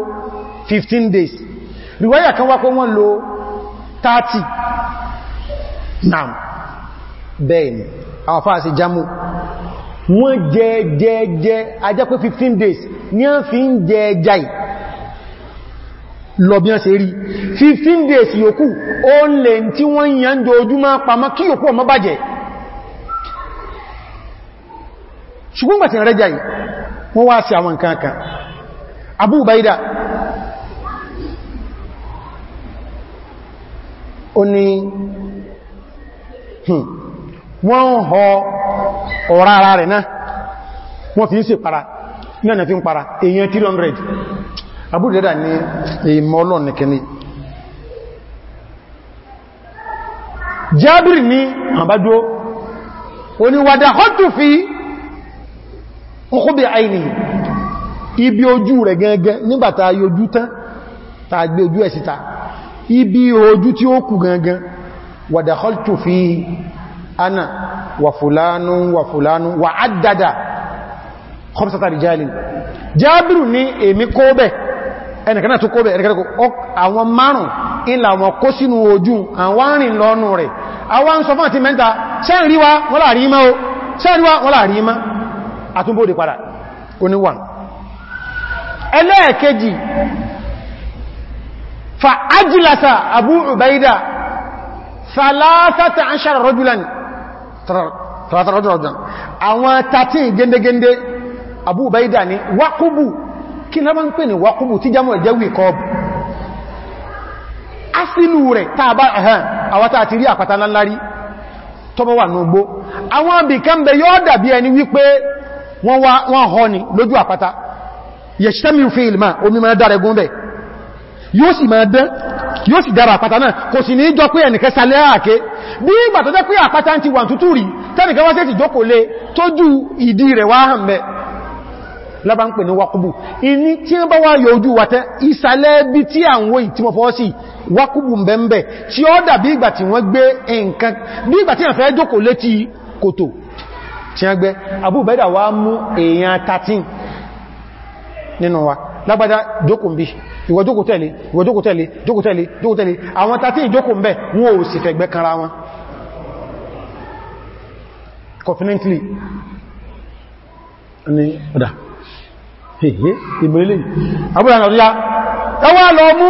15 days ríwáyà kan wá pé wọ́n lò 30 naam bẹ́ẹ̀ni àwọn fáà sí jámù wọ́n jẹ jẹ jẹ ajẹ́ pé 15 days ní ọ́n fi ń jẹ jáì lọ bí wọ́n ṣe rí 15 days yòókù ó lè tí wọ́n yàn jọ ojúmọ́ pàmọ́ kí yòókù ọmọ bàjẹ́ ṣùgbọ́n gbàtí rẹ̀ jẹ́ wọ́n wá sí àwọn nǹkan kan Abu Ubaida ó ní hmm, wọ́n ń họ ọ̀rá ara rẹ̀ náà wọ́n fi ń ṣe para náà na fi ń para èèyàn 300 Abu Ubaida ní èèmọ́ ọlọ́nà kẹni Jábìrì ní àbájó oníwàdà họ́tù fi ọkúbí àìní ibi ojú rẹ̀ gẹ́gẹ́ nígbàtà yójú tán tàgbé ojú ẹ̀ síta ibi ojú tí ó kù gẹ́gẹ́ wa dakhaltu fi ana wa fulanu wa fulanu wa addada khamsata rijalin jábìrù ní èmi kóbẹ̀ ẹnìkaná tó kóbẹ̀ ẹnìkaná àwọn kó àtúnbóde padà oníwàn ẹlẹ́ẹ̀kejì fa ajilasa abu ubaida salasata an ṣára rọ́júlan àwọn tàtí gẹ́ndẹ́gẹ́ndẹ́ abu ubaida ni wakubu kí na máa ń pè ní wakubu tí jámọ̀ ẹ̀jẹ́ wíkọ́ọ̀bù asínú rẹ̀ tàbá ẹ̀hàn àwátà àti rí àpàtà lálárí tọ́bọ̀wà nógbó àwọn abìkan bẹ̀ yóò dàbí ẹni wípé wọ́n họ ni lójú àpáta yẹ̀ṣẹ́mì fi ìlmà omi máa dára ẹgbùn bẹ̀ yóò sì máa dán yóò sì dára àpáta náà kò sì ní jọ pé ẹnìkẹ́ salẹ́ àké bí ìgbà tó jẹ́ pé àpáta ti wà tútù rí tẹ́nìkẹ́ wá sí ti jókòó lé tójú wakubu iní tí wọ́n bá wá yọ ojú wakubu mbẹ̀mbẹ̀ tí ó dàbí ìgbà tí wọ́n gbé tí wọ́n gbẹ́ abúbẹ́dà wá mú èèyàn 13 nínú wa lágbàdá jókòmbí ìwọ jókòtẹ́lẹ̀ ìwọ jókòtẹ́lẹ̀ jókòtẹ́lẹ̀ jókòtẹ́lẹ̀ àwọn 13 jókòmbẹ̀ wọn ò sì fẹ̀gbẹ́ kanra wọn confidently ni ọ̀dá hehe ìbìrìlẹ̀ abúrà náà ríyá ẹwà lọ mú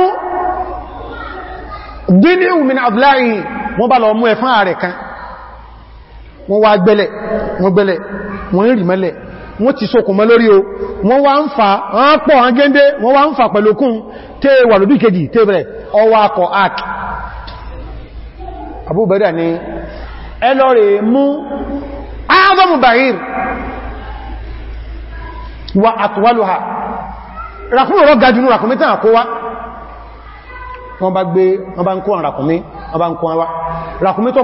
dínú min àbúláì wọ́n bá lọ mú ẹ̀fán ààrẹ kan wọ́n wá gbẹ́lẹ̀ wọ́n gbẹ́lẹ̀ wọ́n rì mẹ́lẹ̀ wọ́n ti sókùn mọ́ lórí o wọ́n wá ń fa wọ́n pọ̀ wọ́n gẹ́ndé wọ́n wá ń fa pẹ̀lókún tẹ́ wà lóbi kejì tẹ́ ọwọ́ akọ̀ ak abúbẹ̀dà ni ẹlọ́rẹ̀ mú áàdọ́mù bàír wa àtúwálùhà ha. gajúnú ràkúnmí tàn àkówá wọ́n bá gbé wọ́n bá ń kó àràkúnmí wọ́n bá ń kó àwá ràkúnmí tó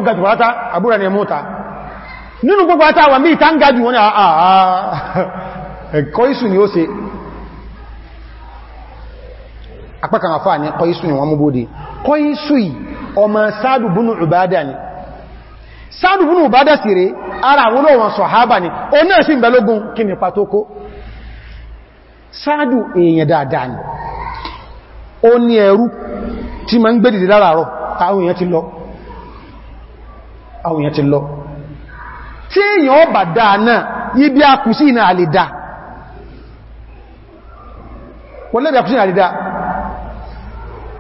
nínú gbogbo àtàwà mí ìta ń gájú wọn ni ẹ̀kọ́ eh, ìsù ni ó se apákan àfáà ní kọ́ ìsù ni wọ́n mú bóde kọ́ ìsù yìí ọmọ ìbádà ni sáàdù ìbádà sì rẹ̀ ara àwọn olóòwọ̀n sọ̀hábà ni ó náà sí ìbẹ̀lógún kí ni pàtókó sáàdù èèyàn dáadáa lọ tí èyàn ọba dáa náà ibi akùsí ìnà àlèdà wọ́n lẹ́bí akùsí ìnà àlèdà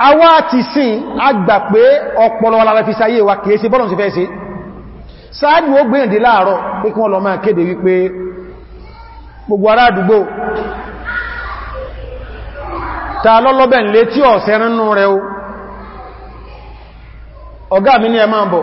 awá ti sin agbà pé ọpọlọ alára fi sáyé wa kìí ṣe bọ́lọ̀ sí fẹ́ ṣe sáájú ó gbéyàndé láàárọ̀ pé lọ máa kéde wípé gbogbo ará àdúgbò ta lọ́lọ́bẹ̀ ń lé tí ọ̀sẹ̀ rínú rẹ̀ o ọ̀gá mi ní ẹ máa bọ̀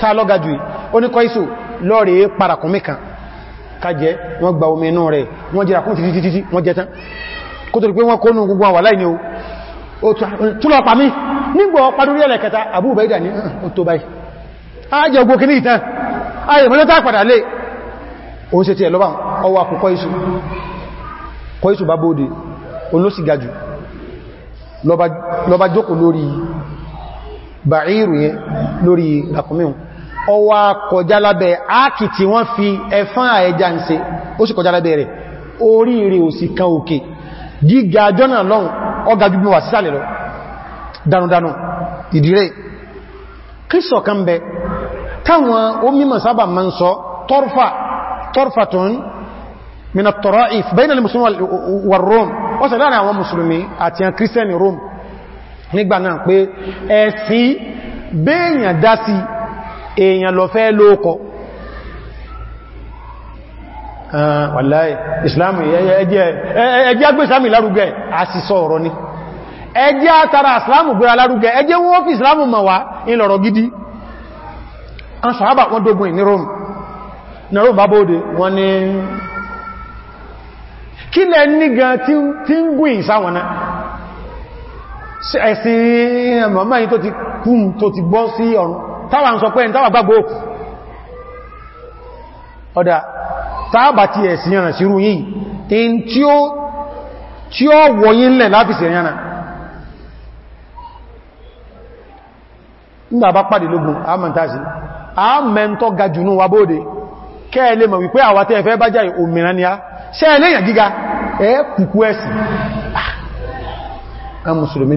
ta lọ́ga jù ó ní kọ́ ìsù lọ́rẹ̀ parakùnmí kan kájẹ wọ́n gba omi inú rẹ̀ wọ́n jẹ́ àkún títí títí wọ́n jẹ tán kó tó rí pé wọ́n kó nù gbogbo àwà láìní o túnlọ pa mí nígbọ̀ padúrí ẹlẹ́kẹta àbúbẹ̀ ìdà ní ọ̀tọ́ báyìí ajẹ ogbó kìí ìtàn ayè mọ́lẹ́ tá padà lé òun ṣe ti ẹ̀lọ́bà lórí bàírù yẹn lórí àkùnmíhùn ọwá kọjá lábẹ́ áàkì tí wọ́n fi ẹfán àẹjá ń ṣe ó sì kọjá lábẹ́ rẹ̀ orí rẹ̀ ò sì kan òkè gíga jọ́nà lọ́n ọgá jùgbọ́n wà sísàlẹ̀ lọ danudanu ìdírẹ̀ kíṣọ̀ kan bẹ táwọn ó mímọ̀ ma ń sọ tọ́rfà tọ́rfàtún mina tọ́rọ̀if bẹ́yìn alì musulmi rome ó sẹ̀ láàrin àwọn musulmi àti àwọn rome nígbà náà pé ẹ̀sí bẹ́yìn dá èèyàn lọ fẹ́ lóòkọ́ ah, wàláì islamu ẹjẹ́ agbé islamu lárugẹ ọ̀rọ̀ ni ẹjẹ́ àtàrà islamu gbé alárugẹ ẹjẹ́ wọ́n fi islamu ma wá gidi ní rome na rome wọn ẹ̀sìn ti kún tó ti bọ́ sí táwà ń sọ pé táwà gbàgbọ́ òkú ọ̀dá tàbà ti ẹ̀sìn yànà sírú in tí ó wọ̀nyí ńlẹ̀ láti yànà nígbà bá pàdé lógún àmàntàṣì àmẹ́ntọ́ ga jùnú wa bóòdé kẹ́ẹ̀lẹ́ mọ̀ wípé àwàtẹ́ ẹ̀fẹ́ bá jáyì òmìnira ni a ṣẹ́ẹ̀lẹ́ yàn gíga ah! ẹ̀ kùkú ẹ̀sìn a mùsùlùmí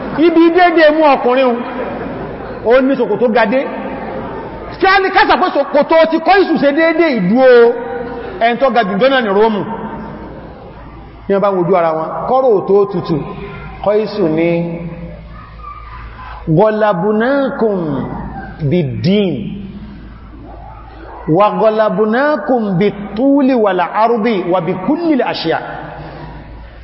ibi dédé mú ọkùnrin o ní ṣòkòtò gadé tí a ní kásà pé ṣòkòtò ti kọ́ ìsù ṣe dédé ìdúó ẹn tó ga jùgbọ́nà ní rómù ní ọba wojú ara wọn kọ́rọ̀ tó tutù kọ́ ìsù ní gọlabùnákùn bìdín wà gọlabùnákùn bìtúlì wà láàrùbí wà bìkúlì àṣíyà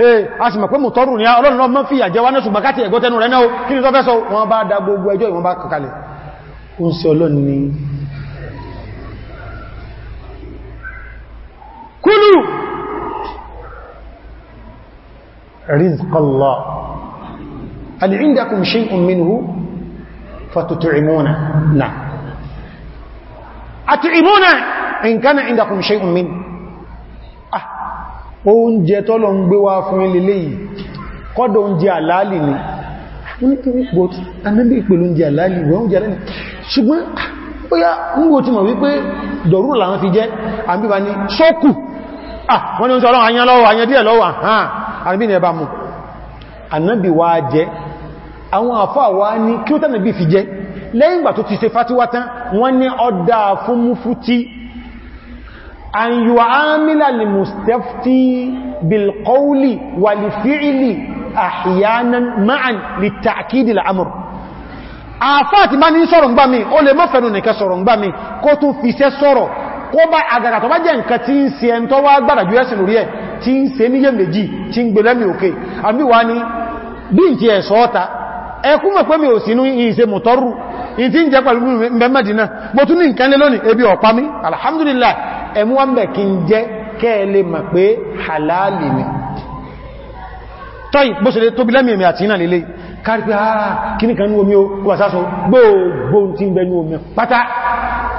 Eh, a sì mọ̀ pé mọ̀ tọrù ní ọlọ́run lọ́mọ́ fi àjẹ́ wá náà ṣùgbọ́n káti ẹ̀gọ́ rẹ̀ náà kí ni tọ́fẹ́ sọ wọ́n bá dá gbogbo ẹjọ́ ìwọ̀n bá kọkalẹ̀ ó ń ṣe ọlọ́run ni oúnjẹ tọ́lọ ń gbé wá fún ilé yìí kọ́dọ̀ oúnjẹ àlálì ni wọ́n tó rí pọ̀ anábí ìpèlú oúnjẹ àlálì wọ́n oúnjẹ àlálì ṣùgbọ́n bóyá ah, ń wò tí mọ̀ wípé dọ̀rú làwọn fi jẹ́ àbíbà ní ṣọ́kù ah, wọ́n ni oúnjẹ ọlọ́run ayan lọ́wọ́ ayan díẹ̀ lọ́wọ́ àhán ah, àbí ní ẹba mú ó tánàbí fi an yu'amila li mustafti bil qawli wal fi'li ahyanan ma'an li ta'kid al amr àfáàtì bá ní sọ̀rọ̀ ń gbá mi ó lè mọ́fẹ̀nù nìkan sọ̀rọ̀ ń gbá mi kó tún fi iṣẹ́ sọ̀rọ̀ kó bá àgàgà tó bá jẹ́ nǹkan tí ń ṣe ẹn tó wá gbàdà jù ẹ́sìn lórí ẹ̀ tí ń ṣe níyẹ méjì tí ń gbẹ̀lẹ́mì òkè àmì wá ní bí n ti ẹ̀sọ́ ọ́ta ẹkún mọ̀ pé mi ò sínú ìṣe mọ̀tọ́rù in ti ń jẹ pẹ̀lú mẹ́mẹ́dínà mo tún ní nǹkan lé lónìí ebi ọ̀pá mi alhamdulillah ẹmú wọ́n bẹ̀ kí ń jẹ kẹ́ẹ̀lẹ́ mọ̀ pé halali ni tọ́yì bó ṣe lè tóbi lẹ́mì ẹ̀mì àti iná lélé kárí pé àà ah, kíní kan ní omi o wà sáso gbogbo tí ń bẹ ní omi pátá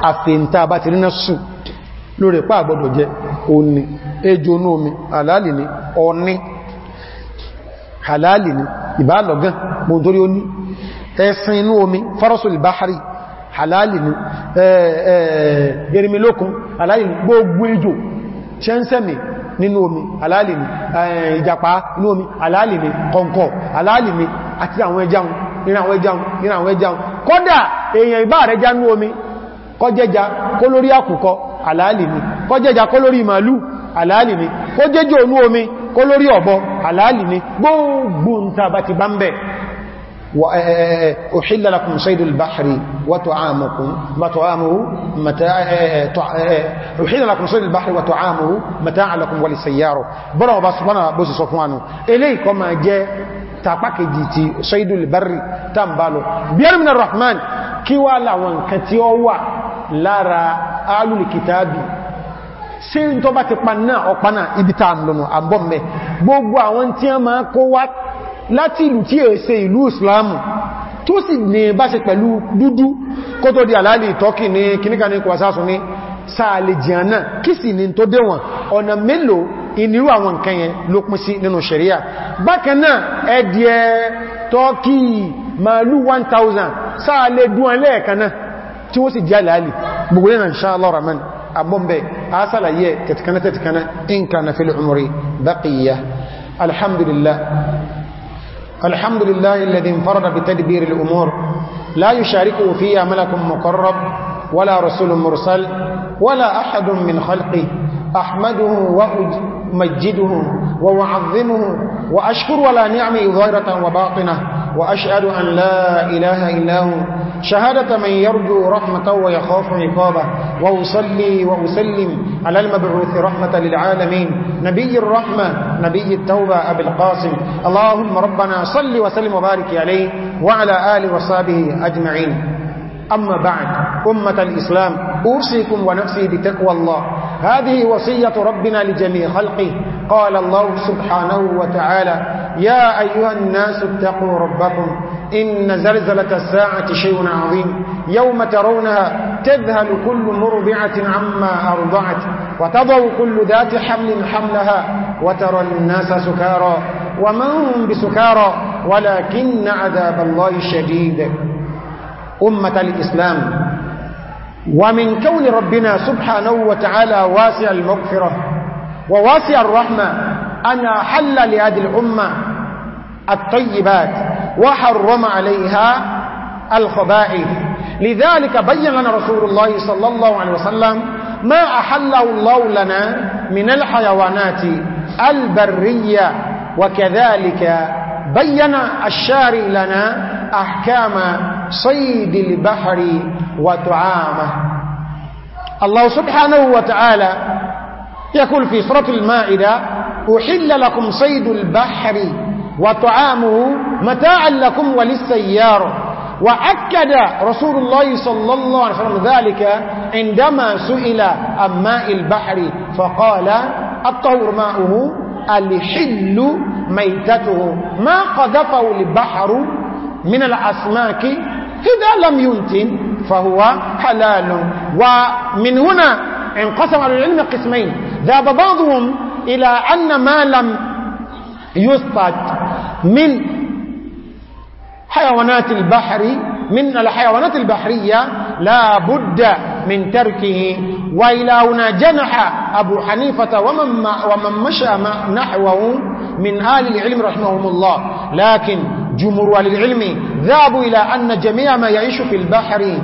àfẹ́ntà bá ti rínà sù lórí pàà gbọdọ̀ jẹ òní ejò ní omi halali ni ọní halali ni ìbálọ̀gán mo torí ẹ̀sìn inú omi farasul bahari halali ni erimilokun halali ni gbogbo ejò ṣe ń sẹ́mì nínú omi halali ni ìjàpá inú omi halali ni kọ̀ǹkọ̀ halali ni àti àwọn ẹjáun ìrìn àwọn ẹjáun ìrìn àwọn ẹjáun kódà èèyàn ìbá rẹ̀ já nú kó lórí àkùkọ omi kó lórí ọ̀bọ halali ni gbogbo ń tàbátì bá ń bẹ̀ وأحل لكم صيد البحر وطعامكم وطعامه متاع أحل لكم صيد البحر وطعامه متاع لكم وللسيارة بلو بس وانا بوسي صفوانو إليكم جاء تاقاكي جيتي صيد البر تنبالو بيان من الرحمن كيوالا وانكتيوا لارا آل الكتاب سين n to ba ti pa náà ọpa náà ibi ta lọ́nà àbọ́mẹ́ gbogbo àwọn tí a láti ìlú tí è ṣe ìlú islamu tó sì ní bá ṣe pẹ̀lú dúdú kó tó di àlàálì ìtọ́kì ní kìníkà ní kwasásù ní sáàlè jìyànà kí sì ní tó dé wọn ọ̀nà mélòó ìnirú àwọn nǹkan yẹn ló pín sí nínú ṣẹ̀ríà bákanáà ẹ̀dìẹ tọ́kì màálù 1000 sáàlè dúnwà lẹ́ẹ̀kanáà tí wọ́n sì di àlàálì gbogbo yẹn insha Allah rahman abombe tetkana tetkana in kana fil umri baqiya alhamdulillah الحمد لله الذي انفرد بتدبير الأمور لا يشاركه فيها ملك مقرب ولا رسول مرسل ولا أحد من خلقه أحمده وأمجده وأعظمه وأشكر ولا نعمه ظاهرة وباطنة وأشهد أن لا إله إلا هو شهادة من يرجو رحمة ويخاف عقابه وأصلي وأسلم على المبعوث رحمة للعالمين نبي الرحمة نبي التوبة أبي القاسم اللهم ربنا صل وسلم وبارك عليه وعلى آله وصحبه أجمعين أما بعد أمة الإسلام أوصيكم ونفسي بتقوى الله هذه وصية ربنا لجميع خلقه قال الله سبحانه وتعالى يا أيها الناس اتقوا ربكم إن زلزلة الساعة شيء عظيم يوم ترونها تذهل كل مرضعة عما أرضعت وتضع كل ذات حمل حملها وترى الناس سكارى ومن هم بسكارى ولكن عذاب الله شديد أمة الإسلام ومن كون ربنا سبحانه وتعالى واسع المغفرة وواسع الرحمة أن أحل لهذه الأمة الطيبات وحرم عليها الخبائث لذلك بين لنا رسول الله صلى الله عليه وسلم ما أحله الله لنا من الحيوانات البرية وكذلك بين الشارع لنا أحكام صيد البحر وتعامه الله سبحانه وتعالى يقول في سورة المائدة أحل لكم صيد البحر وطعامه متاعا لكم وللسيارة وأكد رسول الله صلى الله عليه وسلم ذلك عندما سئل عن ماء البحر فقال الطور ماؤه الحل ميتته ما قذفه البحر من الأسماك إذا لم ينتن فهو حلال ومن هنا انقسم على العلم قسمين ذهب بعضهم إلى أن ما لم يثبت من حيوانات البحر من الحيوانات البحرية لا بد من تركه وإلى هنا جنح أبو حنيفة ومن, ومن مشى نحوه من آل العلم رحمهم الله لكن جمهور العلم ذهبوا إلى أن جميع ما يعيش في البحر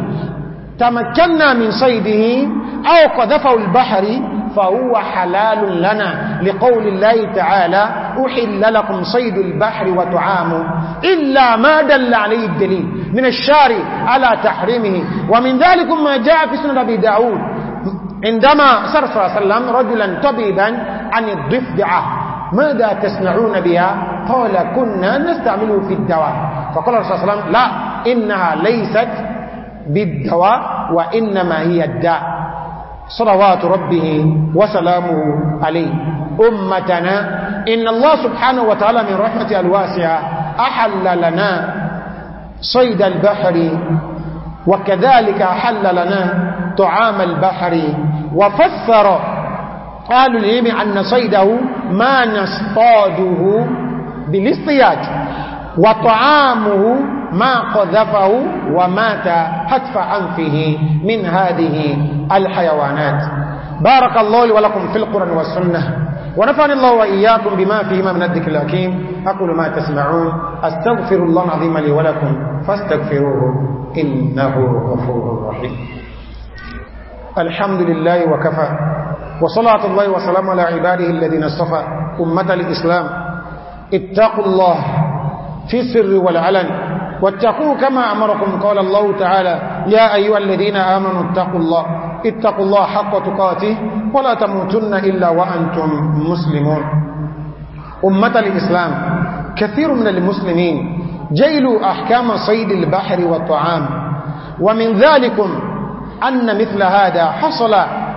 تمكنا من صيده أو قذفوا البحر فهو حلال لنا لقول الله تعالى أحل لكم صيد البحر وتعاموا إلا ما دل عليه الدليل من الشارع على تحريمه ومن ذلك ما جاء في سنة أبي داود عندما صرف صلى الله عليه وسلم رجلا طبيبا عن الضفدعة ماذا تصنعون بها قال كنا نستعمله في الدواء فقال الرسول صلى الله عليه وسلم لا إنها ليست بالدواء وإنما هي الداء صلوات ربه وسلامه عليه أمتنا إن الله سبحانه وتعالى من رحمة الواسعة أحل لنا صيد البحر وكذلك أحل لنا طعام البحر وفسر قالوا الهيم أن صيده ما نصطاده بالاصطياد وطعامه ما قذفه ومات حتف أنفه من هذه الحيوانات بارك الله لي ولكم في القرآن والسنة ونفعني الله وإياكم بما فيهما من الذكر الأكيم أقول ما تسمعون أستغفر الله العظيم لي ولكم فاستغفروه إنه غفور رحيم الحمد لله وكفى وصلاة الله وسلام على عباده الذين صفى أمة الإسلام اتقوا الله في السر والعلن واتقوا كما أمركم قال الله تعالى يا أيها الذين آمنوا اتقوا الله اتقوا الله حق تقاته ولا تموتن إلا وأنتم مسلمون أمة الإسلام كثير من المسلمين جيلوا أحكام صيد البحر والطعام ومن ذلكم أن مثل هذا حصل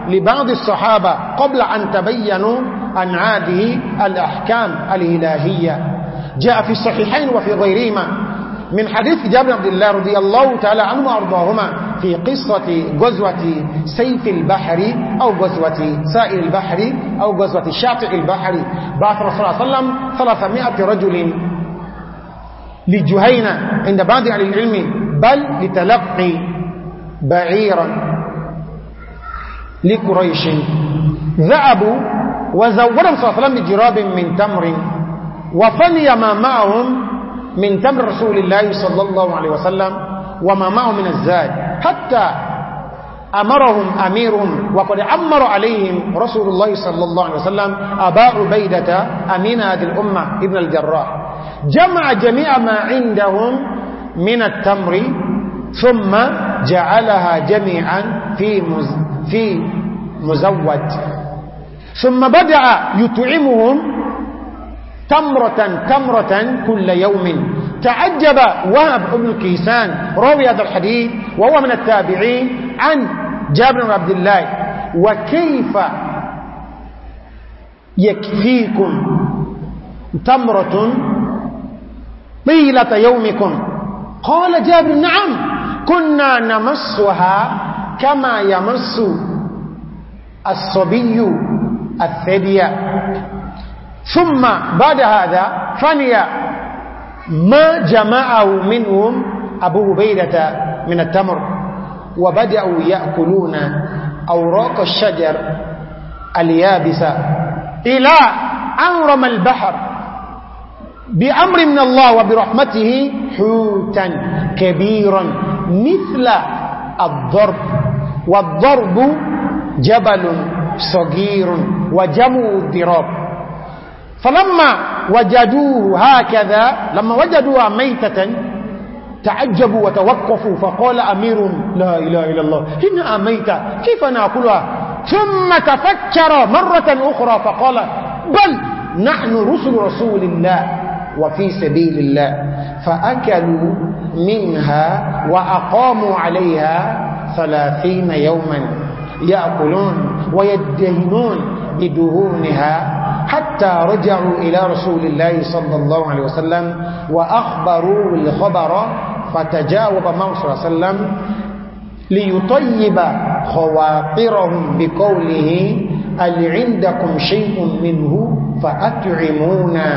لبعض الصحابة قبل أن تبينوا عن هذه الأحكام الإلهية جاء في الصحيحين وفي غيرهما من حديث جابر بن عبد الله رضي الله تعالى عنه وأرضاهما في قصة غزوة سيف البحر أو غزوة سائل البحر أو غزوة شاطئ البحر بعث رسول الله صلى الله عليه وسلم 300 رجل لجهينة عند بعض أهل العلم بل لتلقي بعيرا لقريش ذعبوا وزوروا صلى الله عليه وسلم بجراب من تمر وفني ما معهم من تمر رسول الله صلى الله عليه وسلم وما معهم من الزاد حتى أمرهم أميرهم وقد عمر عليهم رسول الله صلى الله عليه وسلم أبا عبيدة أمين هذه الأمة ابن الجراح جمع جميع ما عندهم من التمر ثم جعلها جميعا في مز في مزود ثم بدأ يطعمهم تمرة تمرة كل يوم تعجب وهب بن كيسان روي هذا الحديث وهو من التابعين عن جابر بن عبد الله وكيف يكفيكم تمرة طيلة يومكم قال جابر نعم كنا نمسها كما يمس الصبي الثدي ثم بعد هذا فني ما جمعه منهم أبو عبيدة من التمر وبدأوا يأكلون أوراق الشجر اليابسة إلى أن رمى البحر بأمر من الله وبرحمته حوتا كبيرا مثل الضرب والضرب جبل صغير وجمع الضراب فلما وجدوه هكذا لما وجدوها ميتة تعجبوا وتوقفوا فقال أمير لا إله إلا الله إنها ميتة كيف نأكلها ثم تفكر مرة أخرى فقال بل نحن رسل رسول الله وفي سبيل الله فأكلوا منها وأقاموا عليها ثلاثين يوما يأكلون ويدهنون بدهونها حتى رجعوا إلى رسول الله صلى الله عليه وسلم وأخبروا الخبر فتجاوب معه صلى الله عليه وسلم ليطيب خواطرهم بقوله هل عندكم شيء منه فأتعمونا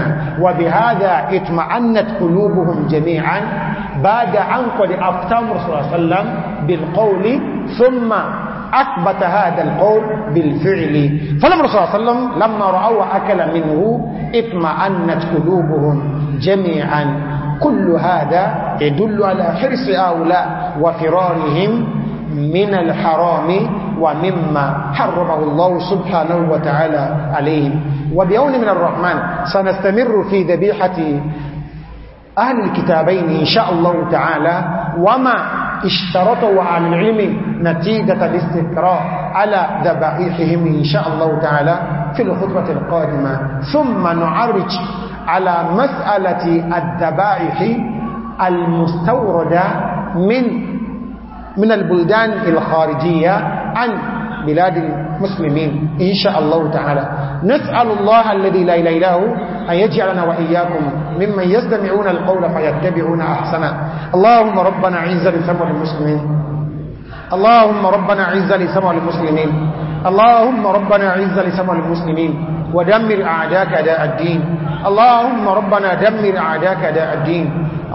وبهذا اطمأنت قلوبهم جميعا بعد أن قد أفتمر صلى الله عليه وسلم بالقول ثم أثبت هذا القول بالفعل رسول الله صلى الله عليه وسلم لما رأوا أكل منه اطمأنت قلوبهم جميعا كل هذا يدل على حرص هؤلاء وفرارهم من الحرام ومما حرمه الله سبحانه وتعالى عليهم وبيون من الرحمن سنستمر في ذبيحة أهل الكتابين إن شاء الله تعالى وما اشترطوا عن العلم نتيجة الاستقراء على ذبائحهم إن شاء الله تعالى في الخطبة القادمة ثم نعرج على مسألة الذبائح المستوردة من من البلدان الخارجية عن بلاد المسلمين إن شاء الله تعالى نسأل الله الذي لا إله إلا هو أن يجعلنا وإياكم ممن يستمعون القول فيتبعون أحسنا اللهم ربنا عز لسمر المسلمين اللهم ربنا عز لسمع المسلمين اللهم ربنا عز لسمع المسلمين ودمر أعداك أداء الدين اللهم ربنا دمر أعداك أداء الدين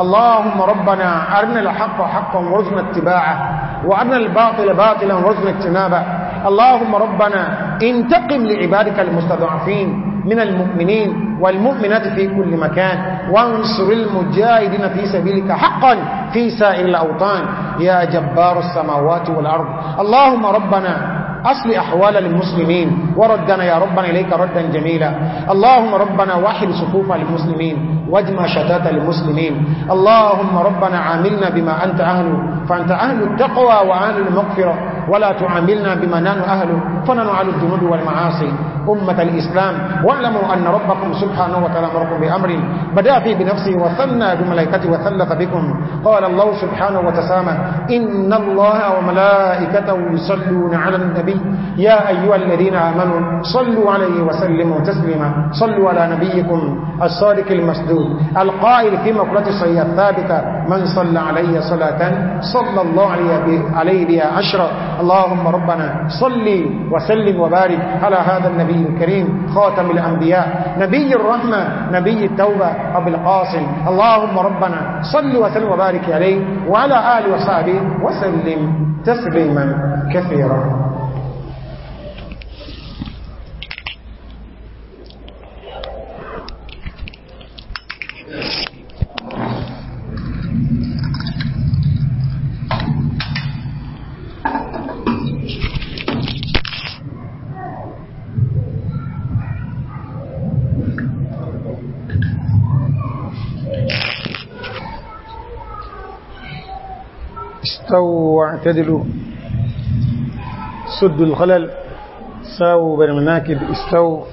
اللهم ربنا أرنا الحق حقا وارزنا اتباعه وأرنا الباطل باطلا وارزنا اجتنابه اللهم ربنا انتقم لعبادك المستضعفين من المؤمنين والمؤمنات في كل مكان وانصر المجاهدين في سبيلك حقا في سائر الأوطان يا جبار السماوات والأرض اللهم ربنا أصل أحوال المسلمين وردنا يا ربنا إليك ردا جميلا اللهم ربنا واحد صفوف المسلمين واجمع شتات المسلمين اللهم ربنا عاملنا بما أنت أهله فأنت أهل التقوى وأهل المغفرة ولا تعاملنا بما نحن أهله فننعل الذنوب والمعاصي أمة الإسلام واعلموا أن ربكم سبحانه وتعالى أمركم بأمر بدأ فيه بنفسه وثنى بملائكته وثلث بكم قال الله سبحانه وتسامى إن الله وملائكته يصلون على النبي يا أيها الذين آمنوا صلوا عليه وسلموا تسليما صلوا على نبيكم الصادق المسدود القائل في مقلة الصحية الثابتة من صلى علي صلاة صلى الله عليه بها عشرة اللهم ربنا صلي وسلم وبارك على هذا النبي الكريم خاتم الأنبياء نبي الرحمة نبي التوبة أبو القاسم اللهم ربنا صل وسلم وبارك عليه وعلى آله وصحبه وسلم تسليما كثيرا استووا واعتدلوا سدوا الخلل ساووا بين المناكب استووا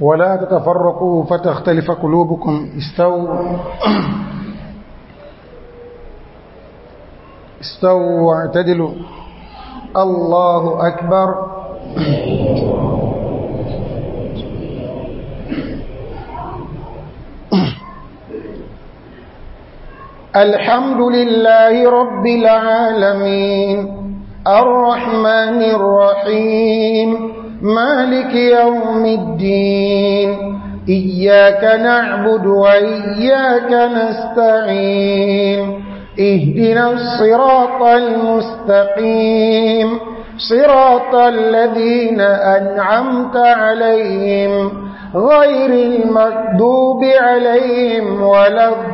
ولا تتفرقوا فتختلف قلوبكم استووا استووا واعتدلوا الله أكبر الحمد لله رب العالمين الرحمن الرحيم مالك يوم الدين إياك نعبد وإياك نستعين اهدنا الصراط المستقيم صراط الذين أنعمت عليهم غير المكذوب عليهم ولا الضالين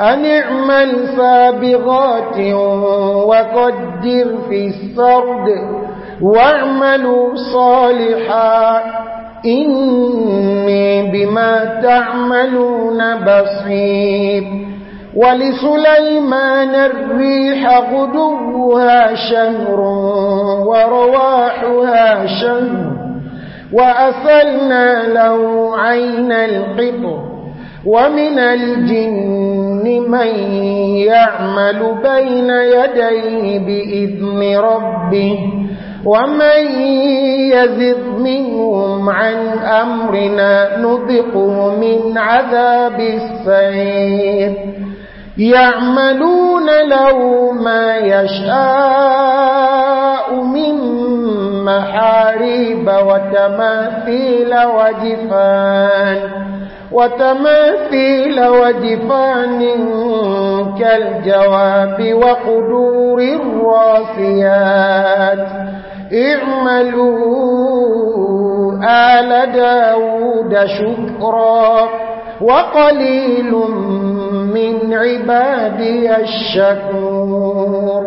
أن اعمل سابغات وقدر في السرد واعملوا صالحا إني بما تعملون بصير ولسليمان الريح غدوها شهر ورواحها شهر وأسلنا له عين القطر ومن الجن من يعمل بين يديه بإذن ربه ومن يزد منهم عن أمرنا نذقه من عذاب السعير يعملون له ما يشاء من محاريب وتماثيل وجفان وتماثيل وجفان كالجواب وقدور الراسيات اعملوا آل داود شكرا وقليل من عبادي الشكور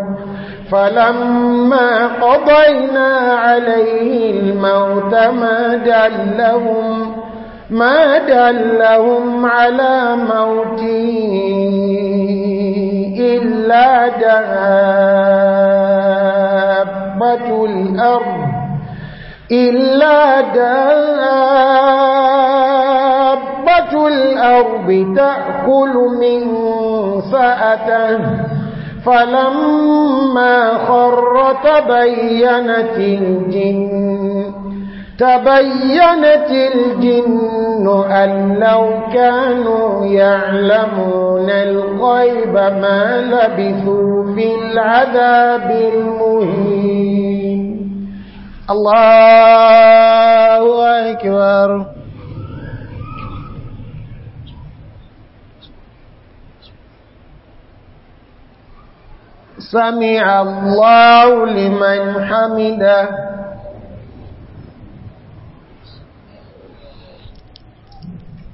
فلما قضينا عليه الموت ما دلهم ما دلهم على موته إلا دابة الأرض إلا دابة الأرض تأكل من سأته فلما خر تبينت الجن تبينت الجن أن لو كانوا يعلمون الغيب ما لبثوا في العذاب المهين الله أكبر سمع الله لمن حمده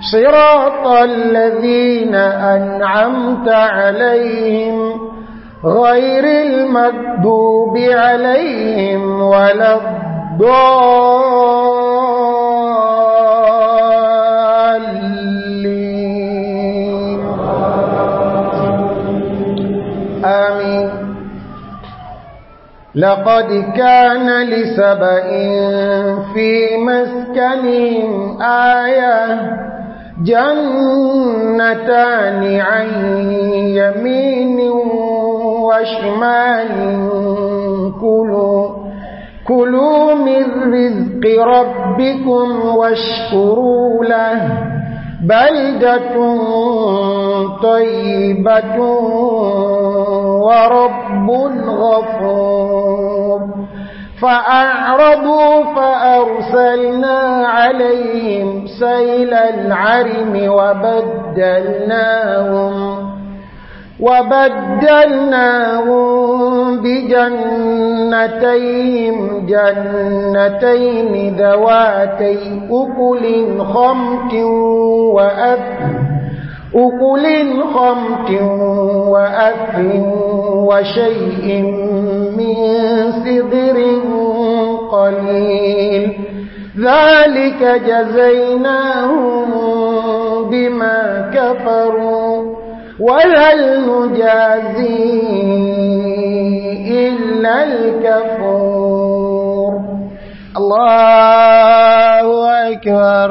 صراط الذين أنعمت عليهم غير المكذوب عليهم ولا الضالين آمين لقد كان لسبئ في مسكنهم آية جنتان عن يمين وشمال كلوا كلوا من رزق ربكم واشكروا له بلدة طيبة ورب غفور فأعرضوا فأرسلنا عليهم سيل العرم وبدلناهم وبدلناهم بجنتين جنتين ذواتي أكل خمت وأكل أكل خمت وأثل وشيء من سدر قليل ذلك جزيناهم بما كفروا وهل نجازي إلا الكفور الله أكبر